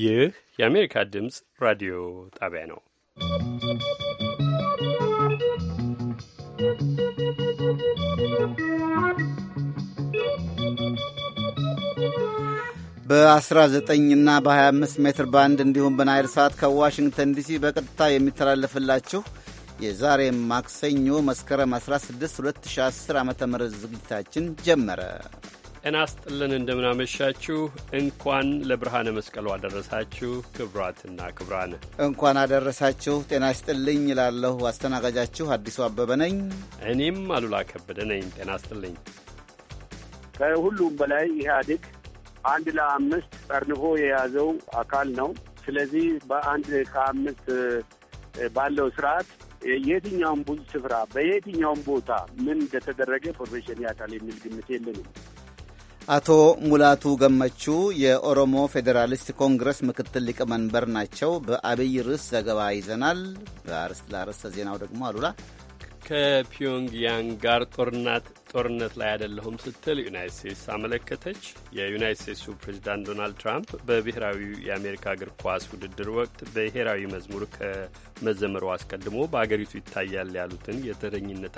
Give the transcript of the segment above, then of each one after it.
ይህ የአሜሪካ ድምፅ ራዲዮ ጣቢያ ነው። በ19 እና በ25 ሜትር ባንድ እንዲሁም በናይል ሰዓት ከዋሽንግተን ዲሲ በቀጥታ የሚተላለፍላችሁ የዛሬ ማክሰኞ መስከረም 16 2010 ዓ ም ዝግጅታችን ጀመረ። ጤና ይስጥልን እንደምናመሻችሁ። እንኳን ለብርሃነ መስቀሉ አደረሳችሁ። ክብራትና ክብራን እንኳን አደረሳችሁ። ጤና ይስጥልኝ እላለሁ። አስተናጋጃችሁ አዲሱ አበበ ነኝ። እኔም አሉላ ከበደ ነኝ። ጤና ይስጥልኝ። ከሁሉም በላይ ኢህአዴግ አንድ ለአምስት ጠርንፎ የያዘው አካል ነው። ስለዚህ በአንድ ከአምስት ባለው ስርዓት የትኛውም ብዙ ስፍራ በየትኛውም ቦታ ምን እንደተደረገ ኢንፎርሜሽን ያውቃል የሚል ግምት የለንም። አቶ ሙላቱ ገመቹ የኦሮሞ ፌዴራሊስት ኮንግረስ ምክትል ሊቀመንበር ናቸው። በአብይ ርዕስ ዘገባ ይዘናል። ለአርዕስተ ዜናው ደግሞ አሉላ ከፒዮንግያንግ ጋር ጦርነት ጦርነት ላይ አይደለሁም ስትል ዩናይት ስቴትስ አመለከተች። የዩናይት ስቴትሱ ፕሬዚዳንት ዶናልድ ትራምፕ በብሔራዊ የአሜሪካ እግር ኳስ ውድድር ወቅት ብሔራዊ መዝሙር ከመዘመሩ አስቀድሞ በአገሪቱ ይታያል ያሉትን የተረኝነት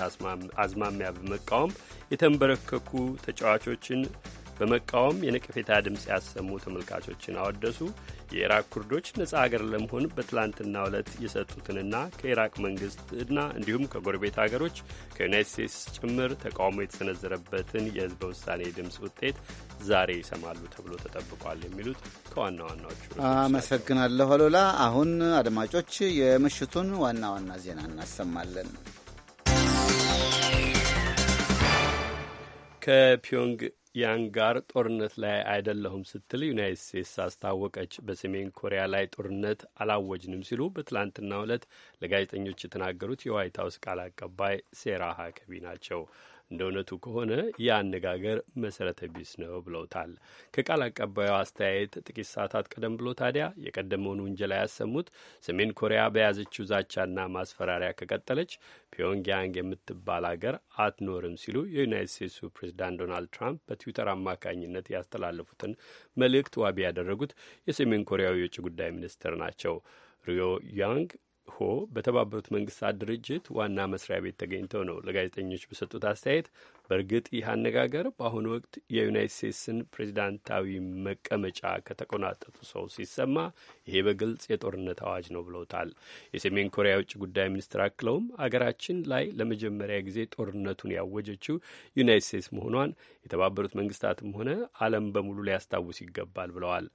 አዝማሚያ በመቃወም የተንበረከኩ ተጫዋቾችን በመቃወም የነቀፌታ ድምፅ ያሰሙ ተመልካቾችን አወደሱ። የኢራቅ ኩርዶች ነጻ አገር ለመሆን በትላንትና ዕለት የሰጡትንና ከኢራቅ መንግስትና እንዲሁም ከጎረቤት አገሮች ከዩናይት ስቴትስ ጭምር ተቃውሞ የተሰነዘረበትን የህዝበ ውሳኔ ድምፅ ውጤት ዛሬ ይሰማሉ ተብሎ ተጠብቋል። የሚሉት ከዋና ዋናዎቹ። አመሰግናለሁ አሉላ። አሁን አድማጮች የምሽቱን ዋና ዋና ዜና እናሰማለን። ከፒዮንግ ያን ጋር ጦርነት ላይ አይደለሁም ስትል ዩናይት ስቴትስ አስታወቀች። በሰሜን ኮሪያ ላይ ጦርነት አላወጅንም ሲሉ በትላንትናው ዕለት ለጋዜጠኞች የተናገሩት የዋይት ሀውስ ቃል አቀባይ ሴራ ሀከቢ ናቸው። እንደ እውነቱ ከሆነ የአነጋገር መሰረተ ቢስ ነው ብለውታል። ከቃል አቀባዩ አስተያየት ጥቂት ሰዓታት ቀደም ብሎ ታዲያ የቀደመውን ውንጀላ ያሰሙት ሰሜን ኮሪያ በያዘችው ዛቻና ማስፈራሪያ ከቀጠለች ፒዮንግያንግ የምትባል አገር አትኖርም ሲሉ የዩናይት ስቴትሱ ፕሬዚዳንት ዶናልድ ትራምፕ በትዊተር አማካኝነት ያስተላለፉትን መልእክት ዋቢ ያደረጉት የሰሜን ኮሪያው የውጭ ጉዳይ ሚኒስትር ናቸው። ሪዮ ያንግ ሆ በተባበሩት መንግስታት ድርጅት ዋና መስሪያ ቤት ተገኝተው ነው ለጋዜጠኞች በሰጡት አስተያየት በእርግጥ ይህ አነጋገር በአሁኑ ወቅት የዩናይት ስቴትስን ፕሬዚዳንታዊ መቀመጫ ከተቆናጠጡ ሰው ሲሰማ ይሄ በግልጽ የጦርነት አዋጅ ነው ብለውታል። የሰሜን ኮሪያ የውጭ ጉዳይ ሚኒስትር አክለውም አገራችን ላይ ለመጀመሪያ ጊዜ ጦርነቱን ያወጀችው ዩናይት ስቴትስ መሆኗን የተባበሩት መንግስታትም ሆነ ዓለም በሙሉ ሊያስታውስ ይገባል ብለዋል።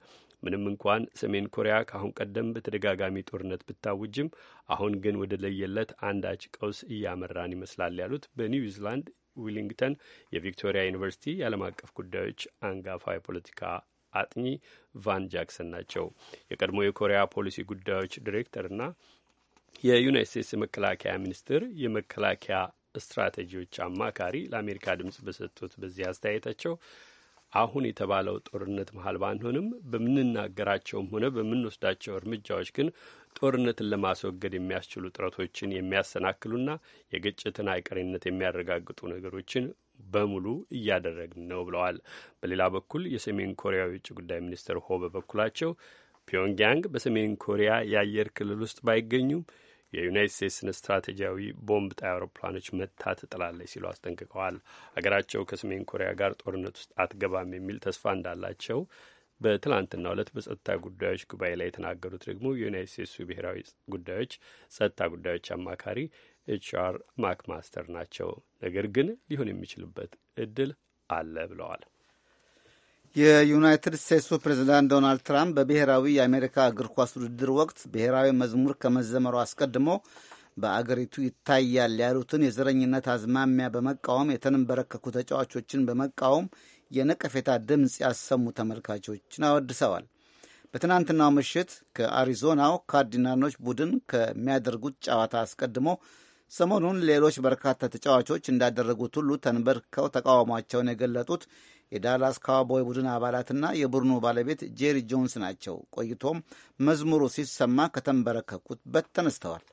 ምንም እንኳን ሰሜን ኮሪያ ከአሁን ቀደም በተደጋጋሚ ጦርነት ብታውጅም አሁን ግን ወደ ለየለት አንዳች ቀውስ እያመራን ይመስላል ያሉት በኒውዚላንድ ዊሊንግተን የቪክቶሪያ ዩኒቨርሲቲ የዓለም አቀፍ ጉዳዮች አንጋፋ የፖለቲካ አጥኚ ቫን ጃክሰን ናቸው። የቀድሞ የኮሪያ ፖሊሲ ጉዳዮች ዲሬክተርና የዩናይት ስቴትስ የመከላከያ ሚኒስትር የመከላከያ ስትራቴጂዎች አማካሪ ለአሜሪካ ድምጽ በሰጡት በዚህ አስተያየታቸው አሁን የተባለው ጦርነት መሀል ባንሆንም በምንናገራቸውም ሆነ በምንወስዳቸው እርምጃዎች ግን ጦርነትን ለማስወገድ የሚያስችሉ ጥረቶችን የሚያሰናክሉና የግጭትን አይቀሬነት የሚያረጋግጡ ነገሮችን በሙሉ እያደረግን ነው ብለዋል። በሌላ በኩል የሰሜን ኮሪያ የውጭ ጉዳይ ሚኒስትር ሆ በበኩላቸው ፒዮንግያንግ በሰሜን ኮሪያ የአየር ክልል ውስጥ ባይገኙም የዩናይት ስቴትስን ስትራቴጂያዊ ቦምብ ጣይ አውሮፕላኖች መታ ትጥላለች ሲሉ አስጠንቅቀዋል። አገራቸው ከሰሜን ኮሪያ ጋር ጦርነት ውስጥ አትገባም የሚል ተስፋ እንዳላቸው በትላንትና ዕለት በጸጥታ ጉዳዮች ጉባኤ ላይ የተናገሩት ደግሞ የዩናይት ስቴትሱ ብሔራዊ ጉዳዮች ጸጥታ ጉዳዮች አማካሪ ማክ ማክማስተር ናቸው። ነገር ግን ሊሆን የሚችልበት እድል አለ ብለዋል። የዩናይትድ ስቴትሱ ፕሬዝዳንት ዶናልድ ትራምፕ በብሔራዊ የአሜሪካ እግር ኳስ ውድድር ወቅት ብሔራዊ መዝሙር ከመዘመሩ አስቀድሞ በአገሪቱ ይታያል ያሉትን የዘረኝነት አዝማሚያ በመቃወም የተንበረከኩ ተጫዋቾችን በመቃወም የነቀፌታ ድምፅ ያሰሙ ተመልካቾችን አወድሰዋል። በትናንትናው ምሽት ከአሪዞናው ካርዲናሎች ቡድን ከሚያደርጉት ጨዋታ አስቀድሞ ሰሞኑን ሌሎች በርካታ ተጫዋቾች እንዳደረጉት ሁሉ ተንበርከው ተቃውሟቸውን የገለጡት የዳላስ ካውቦይ ቡድን አባላትና የቡድኑ ባለቤት ጄሪ ጆንስ ናቸው። ቆይቶም መዝሙሩ ሲሰማ ከተንበረከኩበት ተነስተዋል።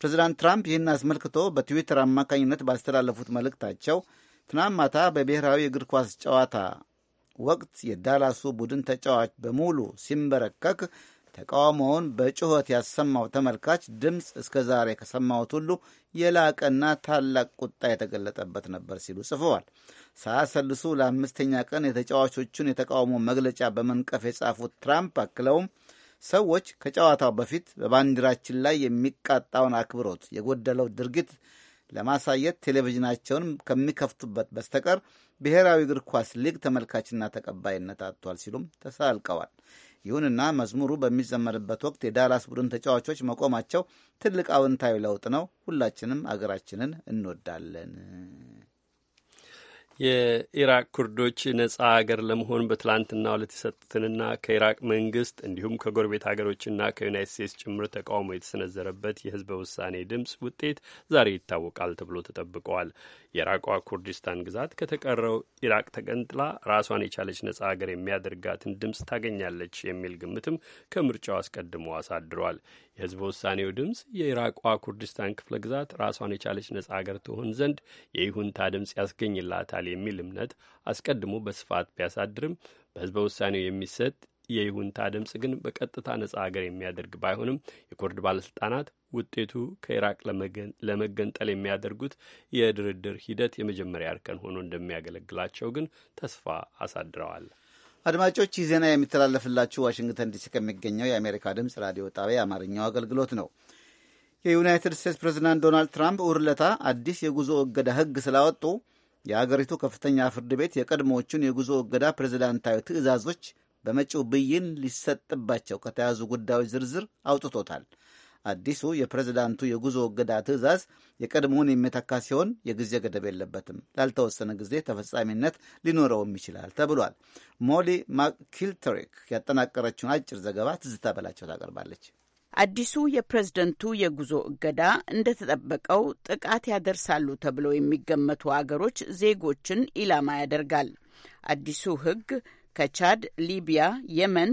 ፕሬዚዳንት ትራምፕ ይህን አስመልክቶ በትዊተር አማካኝነት ባስተላለፉት መልእክታቸው ትናንት ማታ በብሔራዊ እግር ኳስ ጨዋታ ወቅት የዳላሱ ቡድን ተጫዋች በሙሉ ሲንበረከክ ተቃውሞውን በጩኸት ያሰማው ተመልካች ድምፅ እስከ ዛሬ ከሰማሁት ሁሉ የላቀና ታላቅ ቁጣ የተገለጠበት ነበር ሲሉ ጽፈዋል። ሳያሰልሱ ለአምስተኛ ቀን የተጫዋቾቹን የተቃውሞ መግለጫ በመንቀፍ የጻፉት ትራምፕ አክለውም ሰዎች ከጨዋታው በፊት በባንዲራችን ላይ የሚቃጣውን አክብሮት የጎደለው ድርጊት ለማሳየት ቴሌቪዥናቸውን ከሚከፍቱበት በስተቀር ብሔራዊ እግር ኳስ ሊግ ተመልካችና ተቀባይነት አጥቷል ሲሉም ተሳልቀዋል። ይሁንና መዝሙሩ በሚዘመርበት ወቅት የዳላስ ቡድን ተጫዋቾች መቆማቸው ትልቅ አዎንታዊ ለውጥ ነው። ሁላችንም አገራችንን እንወዳለን። የኢራቅ ኩርዶች ነጻ አገር ለመሆን በትላንትና ዕለት የሰጡትንና ከኢራቅ መንግስት እንዲሁም ከጎረቤት ሀገሮችና ከዩናይት ስቴትስ ጭምር ተቃውሞ የተሰነዘረበት የህዝበ ውሳኔ ድምፅ ውጤት ዛሬ ይታወቃል ተብሎ ተጠብቀዋል። የኢራቋ ኩርዲስታን ግዛት ከተቀረው ኢራቅ ተገንጥላ ራሷን የቻለች ነጻ አገር የሚያደርጋትን ድምፅ ታገኛለች የሚል ግምትም ከምርጫው አስቀድሞ አሳድሯል። የህዝብ ውሳኔው ድምፅ የኢራቋ ኩርዲስታን ክፍለ ግዛት ራሷን የቻለች ነጻ አገር ትሆን ዘንድ የይሁንታ ድምፅ ያስገኝላታል የሚል እምነት አስቀድሞ በስፋት ቢያሳድርም በህዝበ ውሳኔው የሚሰጥ የይሁንታ ድምፅ ግን በቀጥታ ነጻ አገር የሚያደርግ ባይሆንም የኩርድ ባለስልጣናት ውጤቱ ከኢራቅ ለመገንጠል የሚያደርጉት የድርድር ሂደት የመጀመሪያ እርከን ሆኖ እንደሚያገለግላቸው ግን ተስፋ አሳድረዋል። አድማጮች ይህ ዜና የሚተላለፍላችሁ ዋሽንግተን ዲሲ ከሚገኘው የአሜሪካ ድምፅ ራዲዮ ጣቢያ የአማርኛው አገልግሎት ነው። የዩናይትድ ስቴትስ ፕሬዚዳንት ዶናልድ ትራምፕ እሁድ ዕለት አዲስ የጉዞ እገዳ ሕግ ስላወጡ የአገሪቱ ከፍተኛ ፍርድ ቤት የቀድሞዎቹን የጉዞ እገዳ ፕሬዚዳንታዊ ትዕዛዞች በመጪው ብይን ሊሰጥባቸው ከተያዙ ጉዳዮች ዝርዝር አውጥቶታል። አዲሱ የፕሬዝዳንቱ የጉዞ እገዳ ትዕዛዝ የቀድሞውን የሚተካ ሲሆን የጊዜ ገደብ የለበትም፣ ላልተወሰነ ጊዜ ተፈጻሚነት ሊኖረውም ይችላል ተብሏል። ሞሊ ማኪልተሪክ ያጠናቀረችውን አጭር ዘገባ ትዝታ በላቸው ታቀርባለች። አዲሱ የፕሬዝደንቱ የጉዞ እገዳ እንደተጠበቀው ጥቃት ያደርሳሉ ተብለው የሚገመቱ አገሮች ዜጎችን ኢላማ ያደርጋል። አዲሱ ሕግ ከቻድ፣ ሊቢያ፣ የመን፣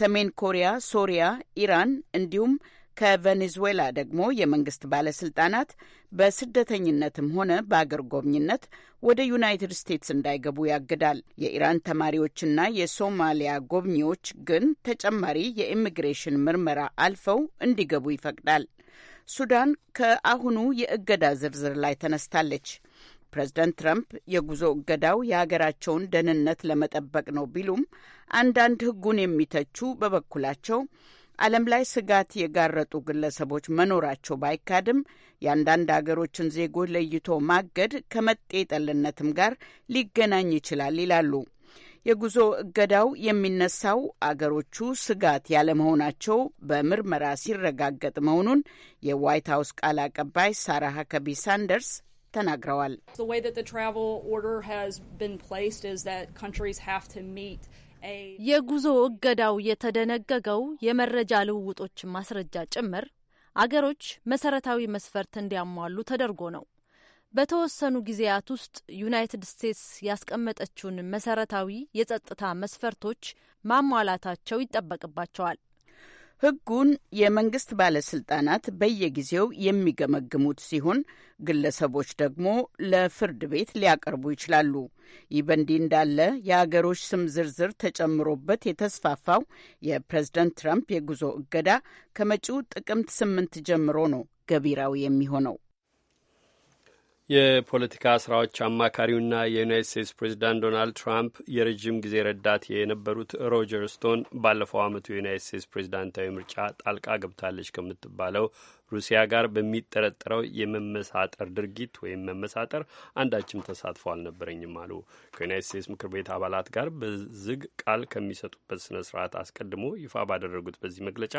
ሰሜን ኮሪያ፣ ሶሪያ፣ ኢራን እንዲሁም ከቬኔዙዌላ ደግሞ የመንግስት ባለስልጣናት በስደተኝነትም ሆነ በአገር ጎብኝነት ወደ ዩናይትድ ስቴትስ እንዳይገቡ ያግዳል። የኢራን ተማሪዎችና የሶማሊያ ጎብኚዎች ግን ተጨማሪ የኢሚግሬሽን ምርመራ አልፈው እንዲገቡ ይፈቅዳል። ሱዳን ከአሁኑ የእገዳ ዝርዝር ላይ ተነስታለች። ፕሬዝደንት ትራምፕ የጉዞ እገዳው የሀገራቸውን ደህንነት ለመጠበቅ ነው ቢሉም አንዳንድ ህጉን የሚተቹ በበኩላቸው ዓለም ላይ ስጋት የጋረጡ ግለሰቦች መኖራቸው ባይካድም የአንዳንድ አገሮችን ዜጎች ለይቶ ማገድ ከመጤጠልነትም ጋር ሊገናኝ ይችላል ይላሉ። የጉዞ እገዳው የሚነሳው አገሮቹ ስጋት ያለመሆናቸው በምርመራ ሲረጋገጥ መሆኑን የዋይት ሀውስ ቃል አቀባይ ሳራ ሀከቢ ሳንደርስ ተናግረዋል። የጉዞ እገዳው የተደነገገው የመረጃ ልውውጦችን ማስረጃ ጭምር አገሮች መሰረታዊ መስፈርት እንዲያሟሉ ተደርጎ ነው። በተወሰኑ ጊዜያት ውስጥ ዩናይትድ ስቴትስ ያስቀመጠችውን መሰረታዊ የጸጥታ መስፈርቶች ማሟላታቸው ይጠበቅባቸዋል። ህጉን የመንግስት ባለስልጣናት በየጊዜው የሚገመግሙት ሲሆን ግለሰቦች ደግሞ ለፍርድ ቤት ሊያቀርቡ ይችላሉ። ይህ በእንዲህ እንዳለ የአገሮች ስም ዝርዝር ተጨምሮበት የተስፋፋው የፕሬዝደንት ትራምፕ የጉዞ እገዳ ከመጪው ጥቅምት ስምንት ጀምሮ ነው ገቢራዊ የሚሆነው። የፖለቲካ ስራዎች አማካሪውና የዩናይት ስቴትስ ፕሬዚዳንት ዶናልድ ትራምፕ የረዥም ጊዜ ረዳት የነበሩት ሮጀር ስቶን ባለፈው ዓመቱ የዩናይት ስቴትስ ፕሬዚዳንታዊ ምርጫ ጣልቃ ገብታለች ከምትባለው ሩሲያ ጋር በሚጠረጠረው የመመሳጠር ድርጊት ወይም መመሳጠር አንዳችም ተሳትፎ አልነበረኝም አሉ። ከዩናይት ስቴትስ ምክር ቤት አባላት ጋር በዝግ ቃል ከሚሰጡበት ስነ ስርዓት አስቀድሞ ይፋ ባደረጉት በዚህ መግለጫ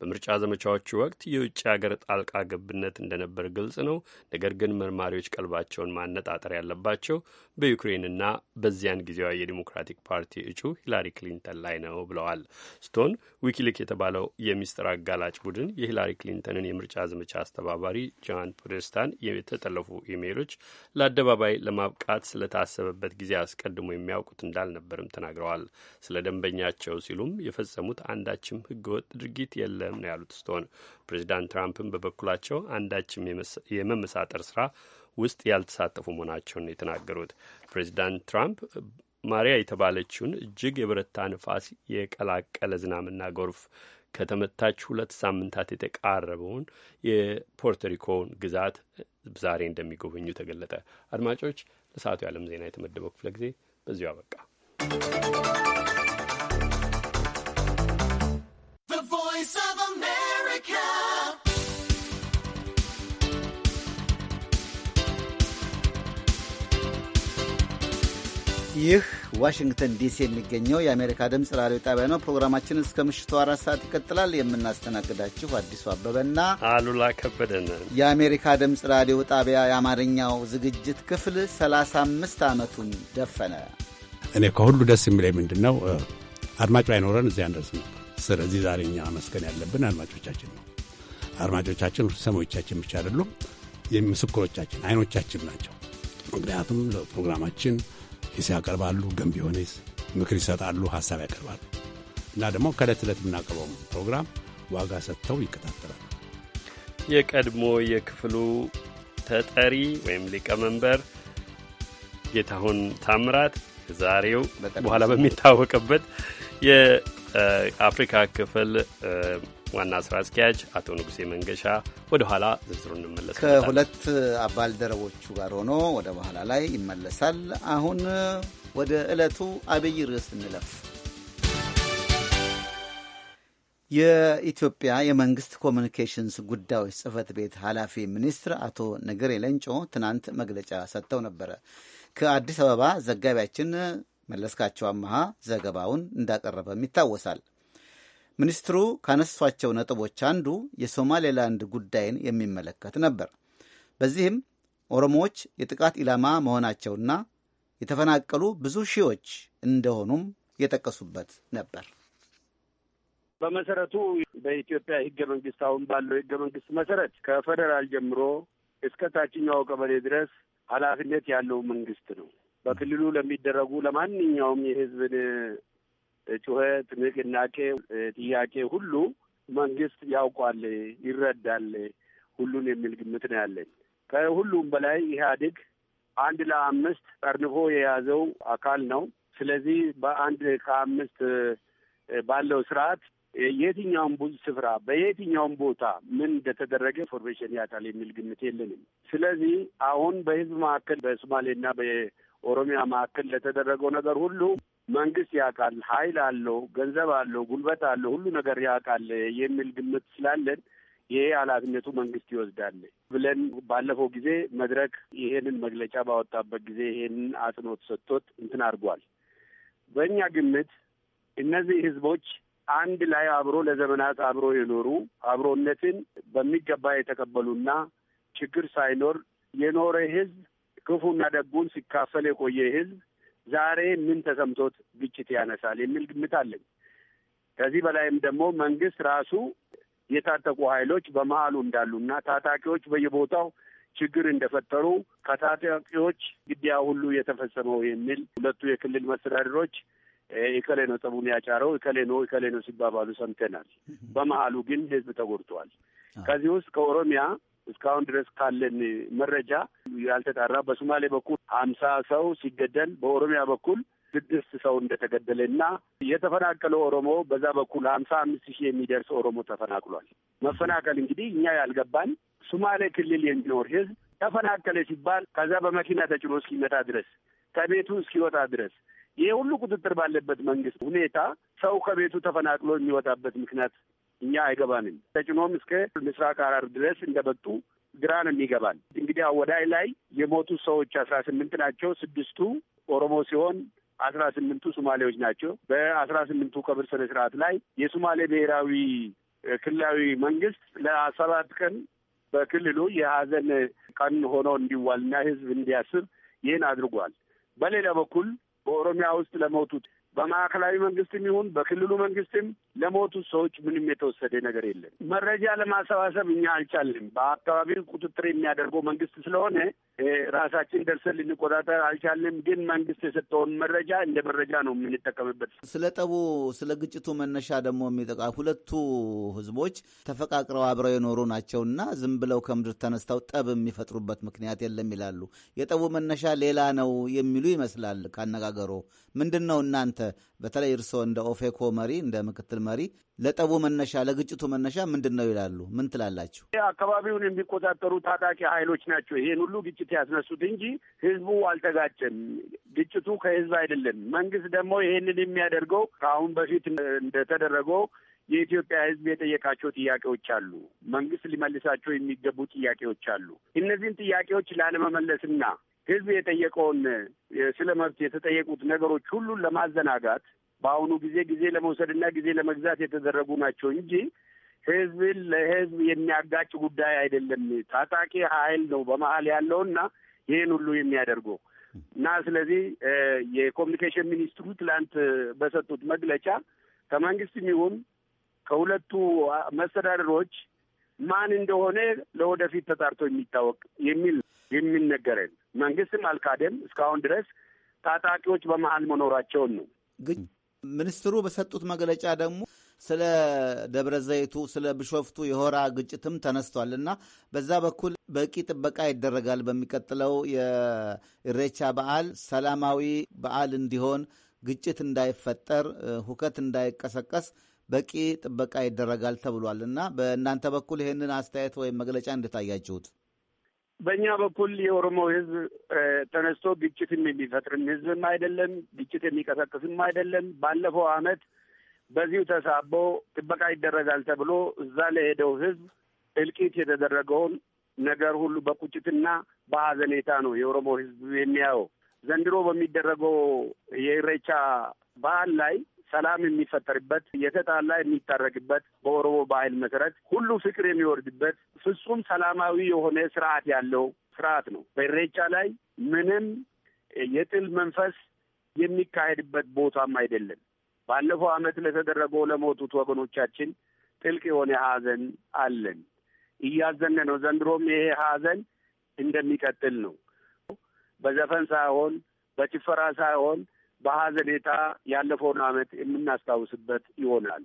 በምርጫ ዘመቻዎቹ ወቅት የውጭ ሀገር ጣልቃ ገብነት እንደነበር ግልጽ ነው። ነገር ግን መርማሪዎች ቀልባቸውን ማነጣጠር ያለባቸው በዩክሬንና በዚያን ጊዜያዊ የዲሞክራቲክ ፓርቲ እጩ ሂላሪ ክሊንተን ላይ ነው ብለዋል። ስቶን ዊኪሊክ የተባለው የሚስጥር አጋላጭ ቡድን የሂላሪ ክሊንተንን የምርጫ የምርጫ ዘመቻ አስተባባሪ ጃን ፕሬስታን የተጠለፉ ኢሜይሎች ለአደባባይ ለማብቃት ስለታሰበበት ጊዜ አስቀድሞ የሚያውቁት እንዳልነበርም ተናግረዋል። ስለ ደንበኛቸው ሲሉም የፈጸሙት አንዳችም ህገወጥ ድርጊት የለም ነው ያሉት ስትሆን ፕሬዚዳንት ትራምፕም በበኩላቸው አንዳችም የመመሳጠር ስራ ውስጥ ያልተሳተፉ መሆናቸውን የተናገሩት ፕሬዚዳንት ትራምፕ ማሪያ የተባለችውን እጅግ የበረታ ንፋስ የቀላቀለ ዝናብና ጎርፍ ከተመታች ሁለት ሳምንታት የተቃረበውን የፖርቶሪኮን ግዛት ዛሬ እንደሚጎበኙ ተገለጠ። አድማጮች፣ ለሰዓቱ የዓለም ዜና የተመደበው ክፍለ ጊዜ በዚሁ አበቃ። ይህ ዋሽንግተን ዲሲ የሚገኘው የአሜሪካ ድምፅ ራዲዮ ጣቢያ ነው። ፕሮግራማችን እስከ ምሽቱ አራት ሰዓት ይቀጥላል። የምናስተናግዳችሁ አዲሱ አበበና አሉላ ከበደን። የአሜሪካ ድምፅ ራዲዮ ጣቢያ የአማርኛው ዝግጅት ክፍል 35 ዓመቱን ደፈነ። እኔ ከሁሉ ደስ የሚለኝ ምንድን ነው አድማጭ ባይኖረን እዚያ አንደርስ ነው። ስለዚህ ዛሬ እኛ መስገን ያለብን አድማጮቻችን ነው። አድማጮቻችን ሰሞቻችን ብቻ አይደሉም፣ ምስክሮቻችን፣ አይኖቻችን ናቸው። ምክንያቱም ፕሮግራማችን ያቀርባሉ፣ ገንቢ የሆነ ምክር ይሰጣሉ፣ ሀሳብ ያቀርባሉ እና ደግሞ ከእለት ዕለት የምናቀርበው ፕሮግራም ዋጋ ሰጥተው ይከታተላል። የቀድሞ የክፍሉ ተጠሪ ወይም ሊቀመንበር ጌታሁን ታምራት ዛሬው በኋላ በሚታወቅበት አፍሪካ ክፍል ዋና ስራ አስኪያጅ አቶ ንጉሴ መንገሻ ወደ ኋላ ዝርዝሩ እንመለስ ከሁለት ባልደረቦቹ ጋር ሆኖ ወደ በኋላ ላይ ይመለሳል። አሁን ወደ ዕለቱ አብይ ርዕስ እንለፍ። የኢትዮጵያ የመንግስት ኮሚኒኬሽንስ ጉዳዮች ጽህፈት ቤት ኃላፊ ሚኒስትር አቶ ነገሬ ሌንጮ ትናንት መግለጫ ሰጥተው ነበረ። ከአዲስ አበባ ዘጋቢያችን መለስካቸው አመሃ ዘገባውን እንዳቀረበም ይታወሳል። ሚኒስትሩ ካነሷቸው ነጥቦች አንዱ የሶማሌላንድ ጉዳይን የሚመለከት ነበር። በዚህም ኦሮሞዎች የጥቃት ኢላማ መሆናቸውና የተፈናቀሉ ብዙ ሺዎች እንደሆኑም የጠቀሱበት ነበር። በመሰረቱ በኢትዮጵያ ህገ መንግስት አሁን ባለው ህገ መንግስት መሰረት ከፌዴራል ጀምሮ እስከ ታችኛው ቀበሌ ድረስ ኃላፊነት ያለው መንግስት ነው። በክልሉ ለሚደረጉ ለማንኛውም የህዝብን ጩኸት፣ ንቅናቄ፣ ጥያቄ ሁሉ መንግስት ያውቋል፣ ይረዳል፣ ሁሉን የሚል ግምት ነው ያለን። ከሁሉም በላይ ኢህአዴግ አንድ ለአምስት ጠርንፎ የያዘው አካል ነው። ስለዚህ በአንድ ከአምስት ባለው ስርዓት የትኛውም ብዙ ስፍራ በየትኛውም ቦታ ምን እንደተደረገ ኢንፎርሜሽን ያጣል የሚል ግምት የለንም። ስለዚህ አሁን በህዝብ መካከል በሶማሌና ኦሮሚያ ማዕከል ለተደረገው ነገር ሁሉ መንግስት ያውቃል፣ ኃይል አለው፣ ገንዘብ አለው፣ ጉልበት አለው፣ ሁሉ ነገር ያውቃል የሚል ግምት ስላለን ይሄ ኃላፊነቱ መንግስት ይወስዳል ብለን ባለፈው ጊዜ መድረክ ይሄንን መግለጫ ባወጣበት ጊዜ ይሄንን አጽንኦት ሰጥቶት እንትን አድርጓል። በእኛ ግምት እነዚህ ህዝቦች አንድ ላይ አብሮ ለዘመናት አብሮ የኖሩ አብሮነትን በሚገባ የተቀበሉና ችግር ሳይኖር የኖረ ህዝብ ክፉና ደጉን ሲካፈል የቆየ ህዝብ ዛሬ ምን ተሰምቶት ግጭት ያነሳል የሚል ግምት አለኝ። ከዚህ በላይም ደግሞ መንግስት ራሱ የታጠቁ ኃይሎች በመሀሉ እንዳሉና ታጣቂዎች በየቦታው ችግር እንደፈጠሩ ከታጣቂዎች ግድያ ሁሉ የተፈጸመው የሚል ሁለቱ የክልል መስተዳድሮች እከሌ ነው ጸቡን ያጫረው እከሌ ነው እከሌ ነው ሲባባሉ ሰምተናል። በመሀሉ ግን ህዝብ ተጎድቷል። ከዚህ ውስጥ ከኦሮሚያ እስካሁን ድረስ ካለን መረጃ ያልተጣራ በሶማሌ በኩል ሀምሳ ሰው ሲገደል በኦሮሚያ በኩል ስድስት ሰው እንደተገደለ እና የተፈናቀለው ኦሮሞ በዛ በኩል ሀምሳ አምስት ሺህ የሚደርስ ኦሮሞ ተፈናቅሏል። መፈናቀል እንግዲህ እኛ ያልገባን ሶማሌ ክልል የሚኖር ህዝብ ተፈናቀለ ሲባል ከዛ በመኪና ተጭኖ እስኪመጣ ድረስ ከቤቱ እስኪወጣ ድረስ ይሄ ሁሉ ቁጥጥር ባለበት መንግስት ሁኔታ ሰው ከቤቱ ተፈናቅሎ የሚወጣበት ምክንያት እኛ አይገባንም። ተጭኖም እስከ ምስራቅ ሐረር ድረስ እንደመጡ ግራ ነው የሚገባል። እንግዲህ አወዳይ ላይ የሞቱ ሰዎች አስራ ስምንት ናቸው። ስድስቱ ኦሮሞ ሲሆን አስራ ስምንቱ ሶማሌዎች ናቸው። በአስራ ስምንቱ ቀብር ስነ ስርዓት ላይ የሱማሌ ብሔራዊ ክልላዊ መንግስት ለሰባት ቀን በክልሉ የሀዘን ቀን ሆኖ እንዲዋልና ህዝብ እንዲያስብ ይህን አድርጓል። በሌላ በኩል በኦሮሚያ ውስጥ ለሞቱት በማዕከላዊ መንግስትም ይሁን በክልሉ መንግስትም ለሞቱ ሰዎች ምንም የተወሰደ ነገር የለም። መረጃ ለማሰባሰብ እኛ አልቻልንም። በአካባቢው ቁጥጥር የሚያደርገው መንግስት ስለሆነ ራሳችን ደርሰን ልንቆጣጠር አልቻልንም። ግን መንግስት የሰጠውን መረጃ እንደ መረጃ ነው የምንጠቀምበት። ስለ ጠቡ፣ ስለ ግጭቱ መነሻ ደግሞ የሚጠቃ ሁለቱ ህዝቦች ተፈቃቅረው አብረው የኖሩ ናቸውና ዝም ብለው ከምድር ተነስተው ጠብ የሚፈጥሩበት ምክንያት የለም ይላሉ። የጠቡ መነሻ ሌላ ነው የሚሉ ይመስላል። ካነጋገሩ ምንድን ነው እናንተ በተለይ እርስዎ እንደ ኦፌኮ መሪ እንደ ምክትል መሪ ለጠቡ መነሻ ለግጭቱ መነሻ ምንድን ነው ይላሉ? ምን ትላላችሁ? አካባቢውን የሚቆጣጠሩ ታጣቂ ኃይሎች ናቸው ይህን ሁሉ ግጭት ያስነሱት እንጂ ህዝቡ አልተጋጨም። ግጭቱ ከህዝብ አይደለም። መንግስት ደግሞ ይሄንን የሚያደርገው ከአሁን በፊት እንደተደረገው የኢትዮጵያ ህዝብ የጠየቃቸው ጥያቄዎች አሉ። መንግስት ሊመልሳቸው የሚገቡ ጥያቄዎች አሉ። እነዚህን ጥያቄዎች ላለመመለስና ህዝብ የጠየቀውን ስለ መብት የተጠየቁት ነገሮች ሁሉን ለማዘናጋት በአሁኑ ጊዜ ጊዜ ለመውሰድና ጊዜ ለመግዛት የተደረጉ ናቸው እንጂ ህዝብን ለህዝብ የሚያጋጭ ጉዳይ አይደለም። ታጣቂ ኃይል ነው በመሀል ያለውና ይህን ሁሉ የሚያደርገው እና ስለዚህ የኮሚኒኬሽን ሚኒስትሩ ትላንት በሰጡት መግለጫ ከመንግስትም ይሁን ከሁለቱ መስተዳድሮች ማን እንደሆነ ለወደፊት ተጣርቶ የሚታወቅ የሚል የሚነገረን መንግስትም አልካደም። እስካሁን ድረስ ታጣቂዎች በመሀል መኖራቸውን ነው። ሚኒስትሩ በሰጡት መግለጫ ደግሞ ስለ ደብረ ዘይቱ ስለ ብሾፍቱ የሆራ ግጭትም ተነስቷል እና በዛ በኩል በቂ ጥበቃ ይደረጋል። በሚቀጥለው የኢሬቻ በዓል ሰላማዊ በዓል እንዲሆን፣ ግጭት እንዳይፈጠር፣ ሁከት እንዳይቀሰቀስ በቂ ጥበቃ ይደረጋል ተብሏል እና በእናንተ በኩል ይህንን አስተያየት ወይም መግለጫ እንድታያችሁት በእኛ በኩል የኦሮሞ ህዝብ ተነስቶ ግጭትም የሚፈጥርም ህዝብም አይደለም፣ ግጭት የሚቀሰቅስም አይደለም። ባለፈው አመት በዚሁ ተሳቦ ጥበቃ ይደረጋል ተብሎ እዛ ለሄደው ህዝብ እልቂት የተደረገውን ነገር ሁሉ በቁጭትና በሀዘኔታ ነው የኦሮሞ ህዝብ የሚያየው። ዘንድሮ በሚደረገው የኢሬቻ በዓል ላይ ሰላም የሚፈጠርበት፣ የተጣላ የሚታረግበት፣ በኦሮሞ ባህል መሰረት ሁሉ ፍቅር የሚወርድበት ፍጹም ሰላማዊ የሆነ ስርዓት ያለው ስርዓት ነው። በኢሬቻ ላይ ምንም የጥል መንፈስ የሚካሄድበት ቦታም አይደለም። ባለፈው ዓመት ለተደረገው ለሞቱት ወገኖቻችን ጥልቅ የሆነ ሀዘን አለን። እያዘነ ነው። ዘንድሮም ይሄ ሀዘን እንደሚቀጥል ነው። በዘፈን ሳይሆን በጭፈራ ሳይሆን በሀዘኔታ ያለፈውን ዓመት የምናስታውስበት ይሆናል።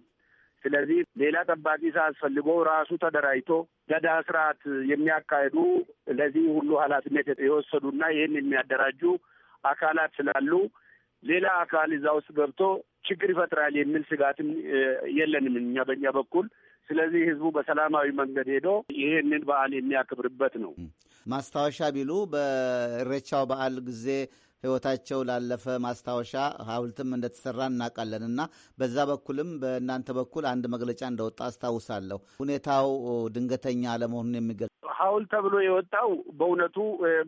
ስለዚህ ሌላ ጠባቂ ሳያስፈልገው ራሱ ተደራጅቶ ገዳ ስርዓት የሚያካሂዱ ለዚህ ሁሉ ኃላፊነት የወሰዱና ይህን የሚያደራጁ አካላት ስላሉ ሌላ አካል እዛ ውስጥ ገብቶ ችግር ይፈጥራል የሚል ስጋትም የለንም እኛ በእኛ በኩል። ስለዚህ ህዝቡ በሰላማዊ መንገድ ሄዶ ይህንን በዓል የሚያከብርበት ነው። ማስታወሻ ቢሉ በእሬቻው በዓል ጊዜ ሕይወታቸው ላለፈ ማስታወሻ ሐውልትም እንደተሰራ እናውቃለን እና በዛ በኩልም በእናንተ በኩል አንድ መግለጫ እንደወጣ አስታውሳለሁ። ሁኔታው ድንገተኛ አለመሆኑን የሚገል ሐውልት ተብሎ የወጣው በእውነቱ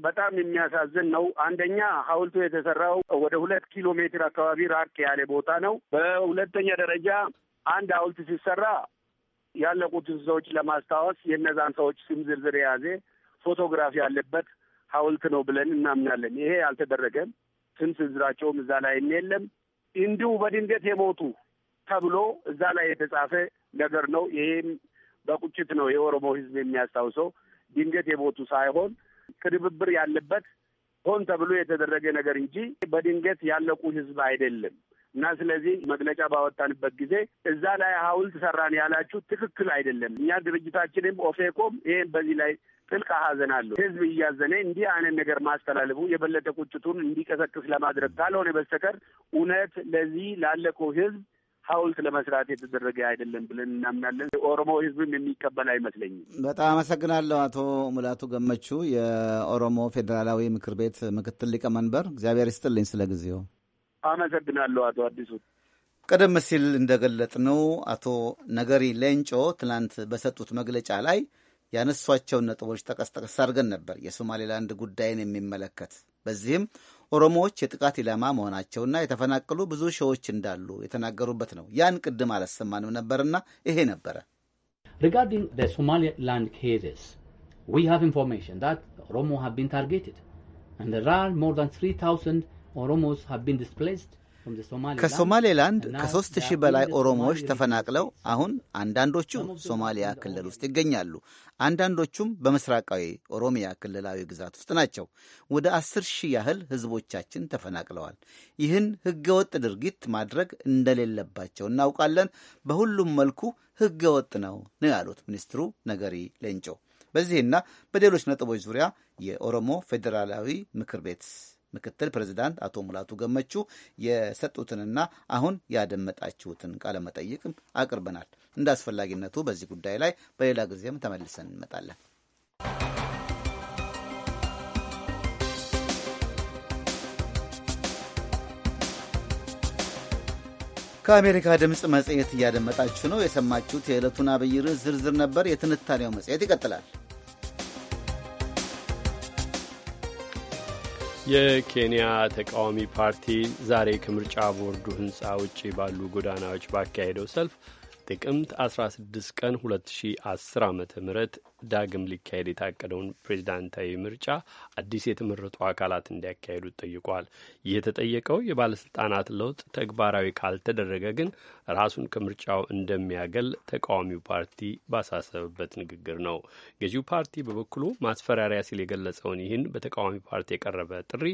በጣም የሚያሳዝን ነው። አንደኛ ሐውልቱ የተሰራው ወደ ሁለት ኪሎ ሜትር አካባቢ ራቅ ያለ ቦታ ነው። በሁለተኛ ደረጃ አንድ ሐውልት ሲሰራ ያለቁትን ሰዎች ለማስታወስ የእነዛን ሰዎች ስም ዝርዝር የያዘ ፎቶግራፍ ያለበት ሀውልት ነው ብለን እናምናለን። ይሄ አልተደረገም። ስንት ዝራቸውም እዛ ላይ የለም። እንዲሁ በድንገት የሞቱ ተብሎ እዛ ላይ የተጻፈ ነገር ነው። ይሄም በቁጭት ነው የኦሮሞ ህዝብ የሚያስታውሰው ድንገት የሞቱ ሳይሆን ቅንብብር ያለበት ሆን ተብሎ የተደረገ ነገር እንጂ በድንገት ያለቁ ህዝብ አይደለም። እና ስለዚህ መግለጫ ባወጣንበት ጊዜ እዛ ላይ ሀውልት ሰራን ያላችሁ ትክክል አይደለም። እኛ ድርጅታችንም ኦፌኮም ይህም በዚህ ላይ ጥልቅ ሀዘን አለው። ህዝብ እያዘነ እንዲህ አይነት ነገር ማስተላለፉ የበለጠ ቁጭቱን እንዲቀሰቅስ ለማድረግ ካልሆነ በስተቀር እውነት ለዚህ ላለቀው ህዝብ ሐውልት ለመስራት የተደረገ አይደለም ብለን እናምናለን። የኦሮሞ ህዝብም የሚቀበል አይመስለኝም። በጣም አመሰግናለሁ አቶ ሙላቱ ገመቹ፣ የኦሮሞ ፌዴራላዊ ምክር ቤት ምክትል ሊቀመንበር። እግዚአብሔር ይስጥልኝ ስለ ጊዜው አመሰግናለሁ። አቶ አዲሱ ቀደም ሲል እንደገለጥነው አቶ ነገሪ ሌንጮ ትናንት በሰጡት መግለጫ ላይ ያነሷቸውን ነጥቦች ጠቀስ ጠቀስ አድርገን ነበር የሶማሌላንድ ጉዳይን የሚመለከት በዚህም ኦሮሞዎች የጥቃት ኢላማ መሆናቸውና የተፈናቀሉ ብዙ ሺዎች እንዳሉ የተናገሩበት ነው። ያን ቅድም አላሰማንም ነበርና ይሄ ነበረ። ሪጋርዲንግ ሶማሌላንድ ኬዝስ ዊ ሃቭ ኢንፎርሜሽን ዳት ኦሮሞ ሃቭ ቢን ታርጌትድ ኤንድ ዜር አር ሞር ዛን 3000 ኦሮሞስ ሃቭ ቢን ዲስፕሌስድ ከሶማሌላንድ ከሶስት ሺህ በላይ ኦሮሞዎች ተፈናቅለው አሁን አንዳንዶቹ ሶማሊያ ክልል ውስጥ ይገኛሉ። አንዳንዶቹም በምስራቃዊ ኦሮሚያ ክልላዊ ግዛት ውስጥ ናቸው። ወደ አስር ሺህ ያህል ህዝቦቻችን ተፈናቅለዋል። ይህን ህገወጥ ድርጊት ማድረግ እንደሌለባቸው እናውቃለን። በሁሉም መልኩ ህገወጥ ነው ነው ያሉት ሚኒስትሩ ነገሪ ሌንጮ። በዚህና በሌሎች ነጥቦች ዙሪያ የኦሮሞ ፌዴራላዊ ምክር ቤት ምክትል ፕሬዚዳንት አቶ ሙላቱ ገመቹ የሰጡትንና አሁን ያደመጣችሁትን ቃለመጠይቅ አቅርበናል። እንደ አስፈላጊነቱ በዚህ ጉዳይ ላይ በሌላ ጊዜም ተመልሰን እንመጣለን። ከአሜሪካ ድምፅ መጽሔት እያደመጣችሁ ነው። የሰማችሁት የዕለቱን አብይ ርዕስ ዝርዝር ነበር። የትንታኔው መጽሔት ይቀጥላል። የኬንያ ተቃዋሚ ፓርቲ ዛሬ ከምርጫ ቦርዱ ህንፃ ውጪ ባሉ ጎዳናዎች ባካሄደው ሰልፍ ጥቅምት 16 ቀን 2010 ዓ ም ዳግም ሊካሄድ የታቀደውን ፕሬዚዳንታዊ ምርጫ አዲስ የተመረጡ አካላት እንዲያካሄዱ ጠይቋል። ይህ የተጠየቀው የባለስልጣናት ለውጥ ተግባራዊ ካልተደረገ ግን ራሱን ከምርጫው እንደሚያገል ተቃዋሚው ፓርቲ ባሳሰበበት ንግግር ነው። ገዢው ፓርቲ በበኩሉ ማስፈራሪያ ሲል የገለጸውን ይህን በተቃዋሚ ፓርቲ የቀረበ ጥሪ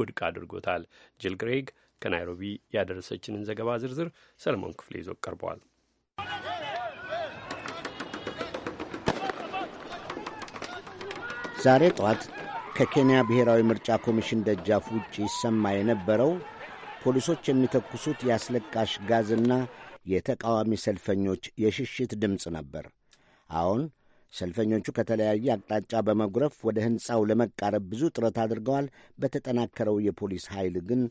ውድቅ አድርጎታል። ጅል ግሬግ ከናይሮቢ ያደረሰችንን ዘገባ ዝርዝር ሰለሞን ክፍሌ ይዞ ቀርቧል። ዛሬ ጠዋት ከኬንያ ብሔራዊ ምርጫ ኮሚሽን ደጃፍ ውጭ ይሰማ የነበረው ፖሊሶች የሚተኩሱት የአስለቃሽ ጋዝና የተቃዋሚ ሰልፈኞች የሽሽት ድምፅ ነበር። አሁን ሰልፈኞቹ ከተለያየ አቅጣጫ በመጉረፍ ወደ ሕንፃው ለመቃረብ ብዙ ጥረት አድርገዋል። በተጠናከረው የፖሊስ ኃይል ግን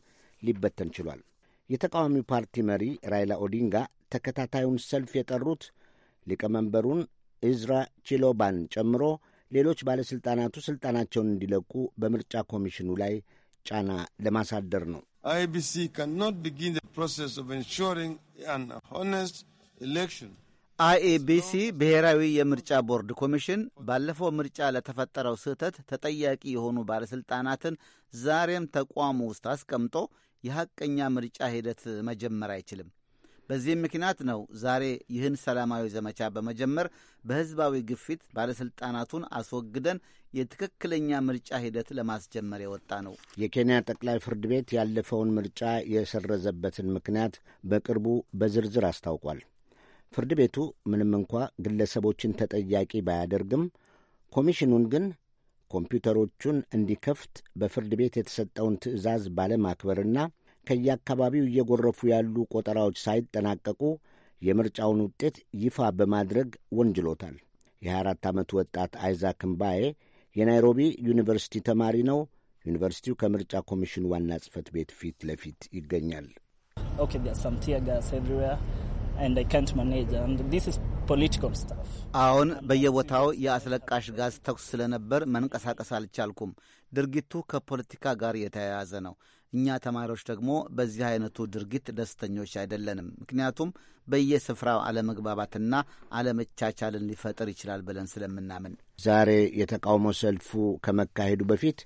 ሊበተን ችሏል። የተቃዋሚው ፓርቲ መሪ ራይላ ኦዲንጋ ተከታታዩን ሰልፍ የጠሩት ሊቀመንበሩን ኢዝራ ቺሎባን ጨምሮ ሌሎች ባለሥልጣናቱ ሥልጣናቸውን እንዲለቁ በምርጫ ኮሚሽኑ ላይ ጫና ለማሳደር ነው። አይኤቢሲ ብሔራዊ የምርጫ ቦርድ ኮሚሽን ባለፈው ምርጫ ለተፈጠረው ስህተት ተጠያቂ የሆኑ ባለሥልጣናትን ዛሬም ተቋሙ ውስጥ አስቀምጦ የሐቀኛ ምርጫ ሂደት መጀመር አይችልም። በዚህም ምክንያት ነው ዛሬ ይህን ሰላማዊ ዘመቻ በመጀመር በሕዝባዊ ግፊት ባለሥልጣናቱን አስወግደን የትክክለኛ ምርጫ ሂደት ለማስጀመር የወጣ ነው። የኬንያ ጠቅላይ ፍርድ ቤት ያለፈውን ምርጫ የሰረዘበትን ምክንያት በቅርቡ በዝርዝር አስታውቋል። ፍርድ ቤቱ ምንም እንኳ ግለሰቦችን ተጠያቂ ባያደርግም ኮሚሽኑን ግን ኮምፒውተሮቹን እንዲከፍት በፍርድ ቤት የተሰጠውን ትዕዛዝ ባለማክበርና ከየአካባቢው እየጎረፉ ያሉ ቆጠራዎች ሳይጠናቀቁ የምርጫውን ውጤት ይፋ በማድረግ ወንጅሎታል። የ24 ዓመቱ ወጣት አይዛክ ምባዬ የናይሮቢ ዩኒቨርሲቲ ተማሪ ነው። ዩኒቨርሲቲው ከምርጫ ኮሚሽን ዋና ጽህፈት ቤት ፊት ለፊት ይገኛል። አሁን በየቦታው የአስለቃሽ ጋዝ ተኩስ ስለነበር መንቀሳቀስ አልቻልኩም። ድርጊቱ ከፖለቲካ ጋር የተያያዘ ነው። እኛ ተማሪዎች ደግሞ በዚህ አይነቱ ድርጊት ደስተኞች አይደለንም። ምክንያቱም በየስፍራው አለመግባባትና አለመቻቻልን ሊፈጥር ይችላል ብለን ስለምናምን ዛሬ የተቃውሞ ሰልፉ ከመካሄዱ በፊት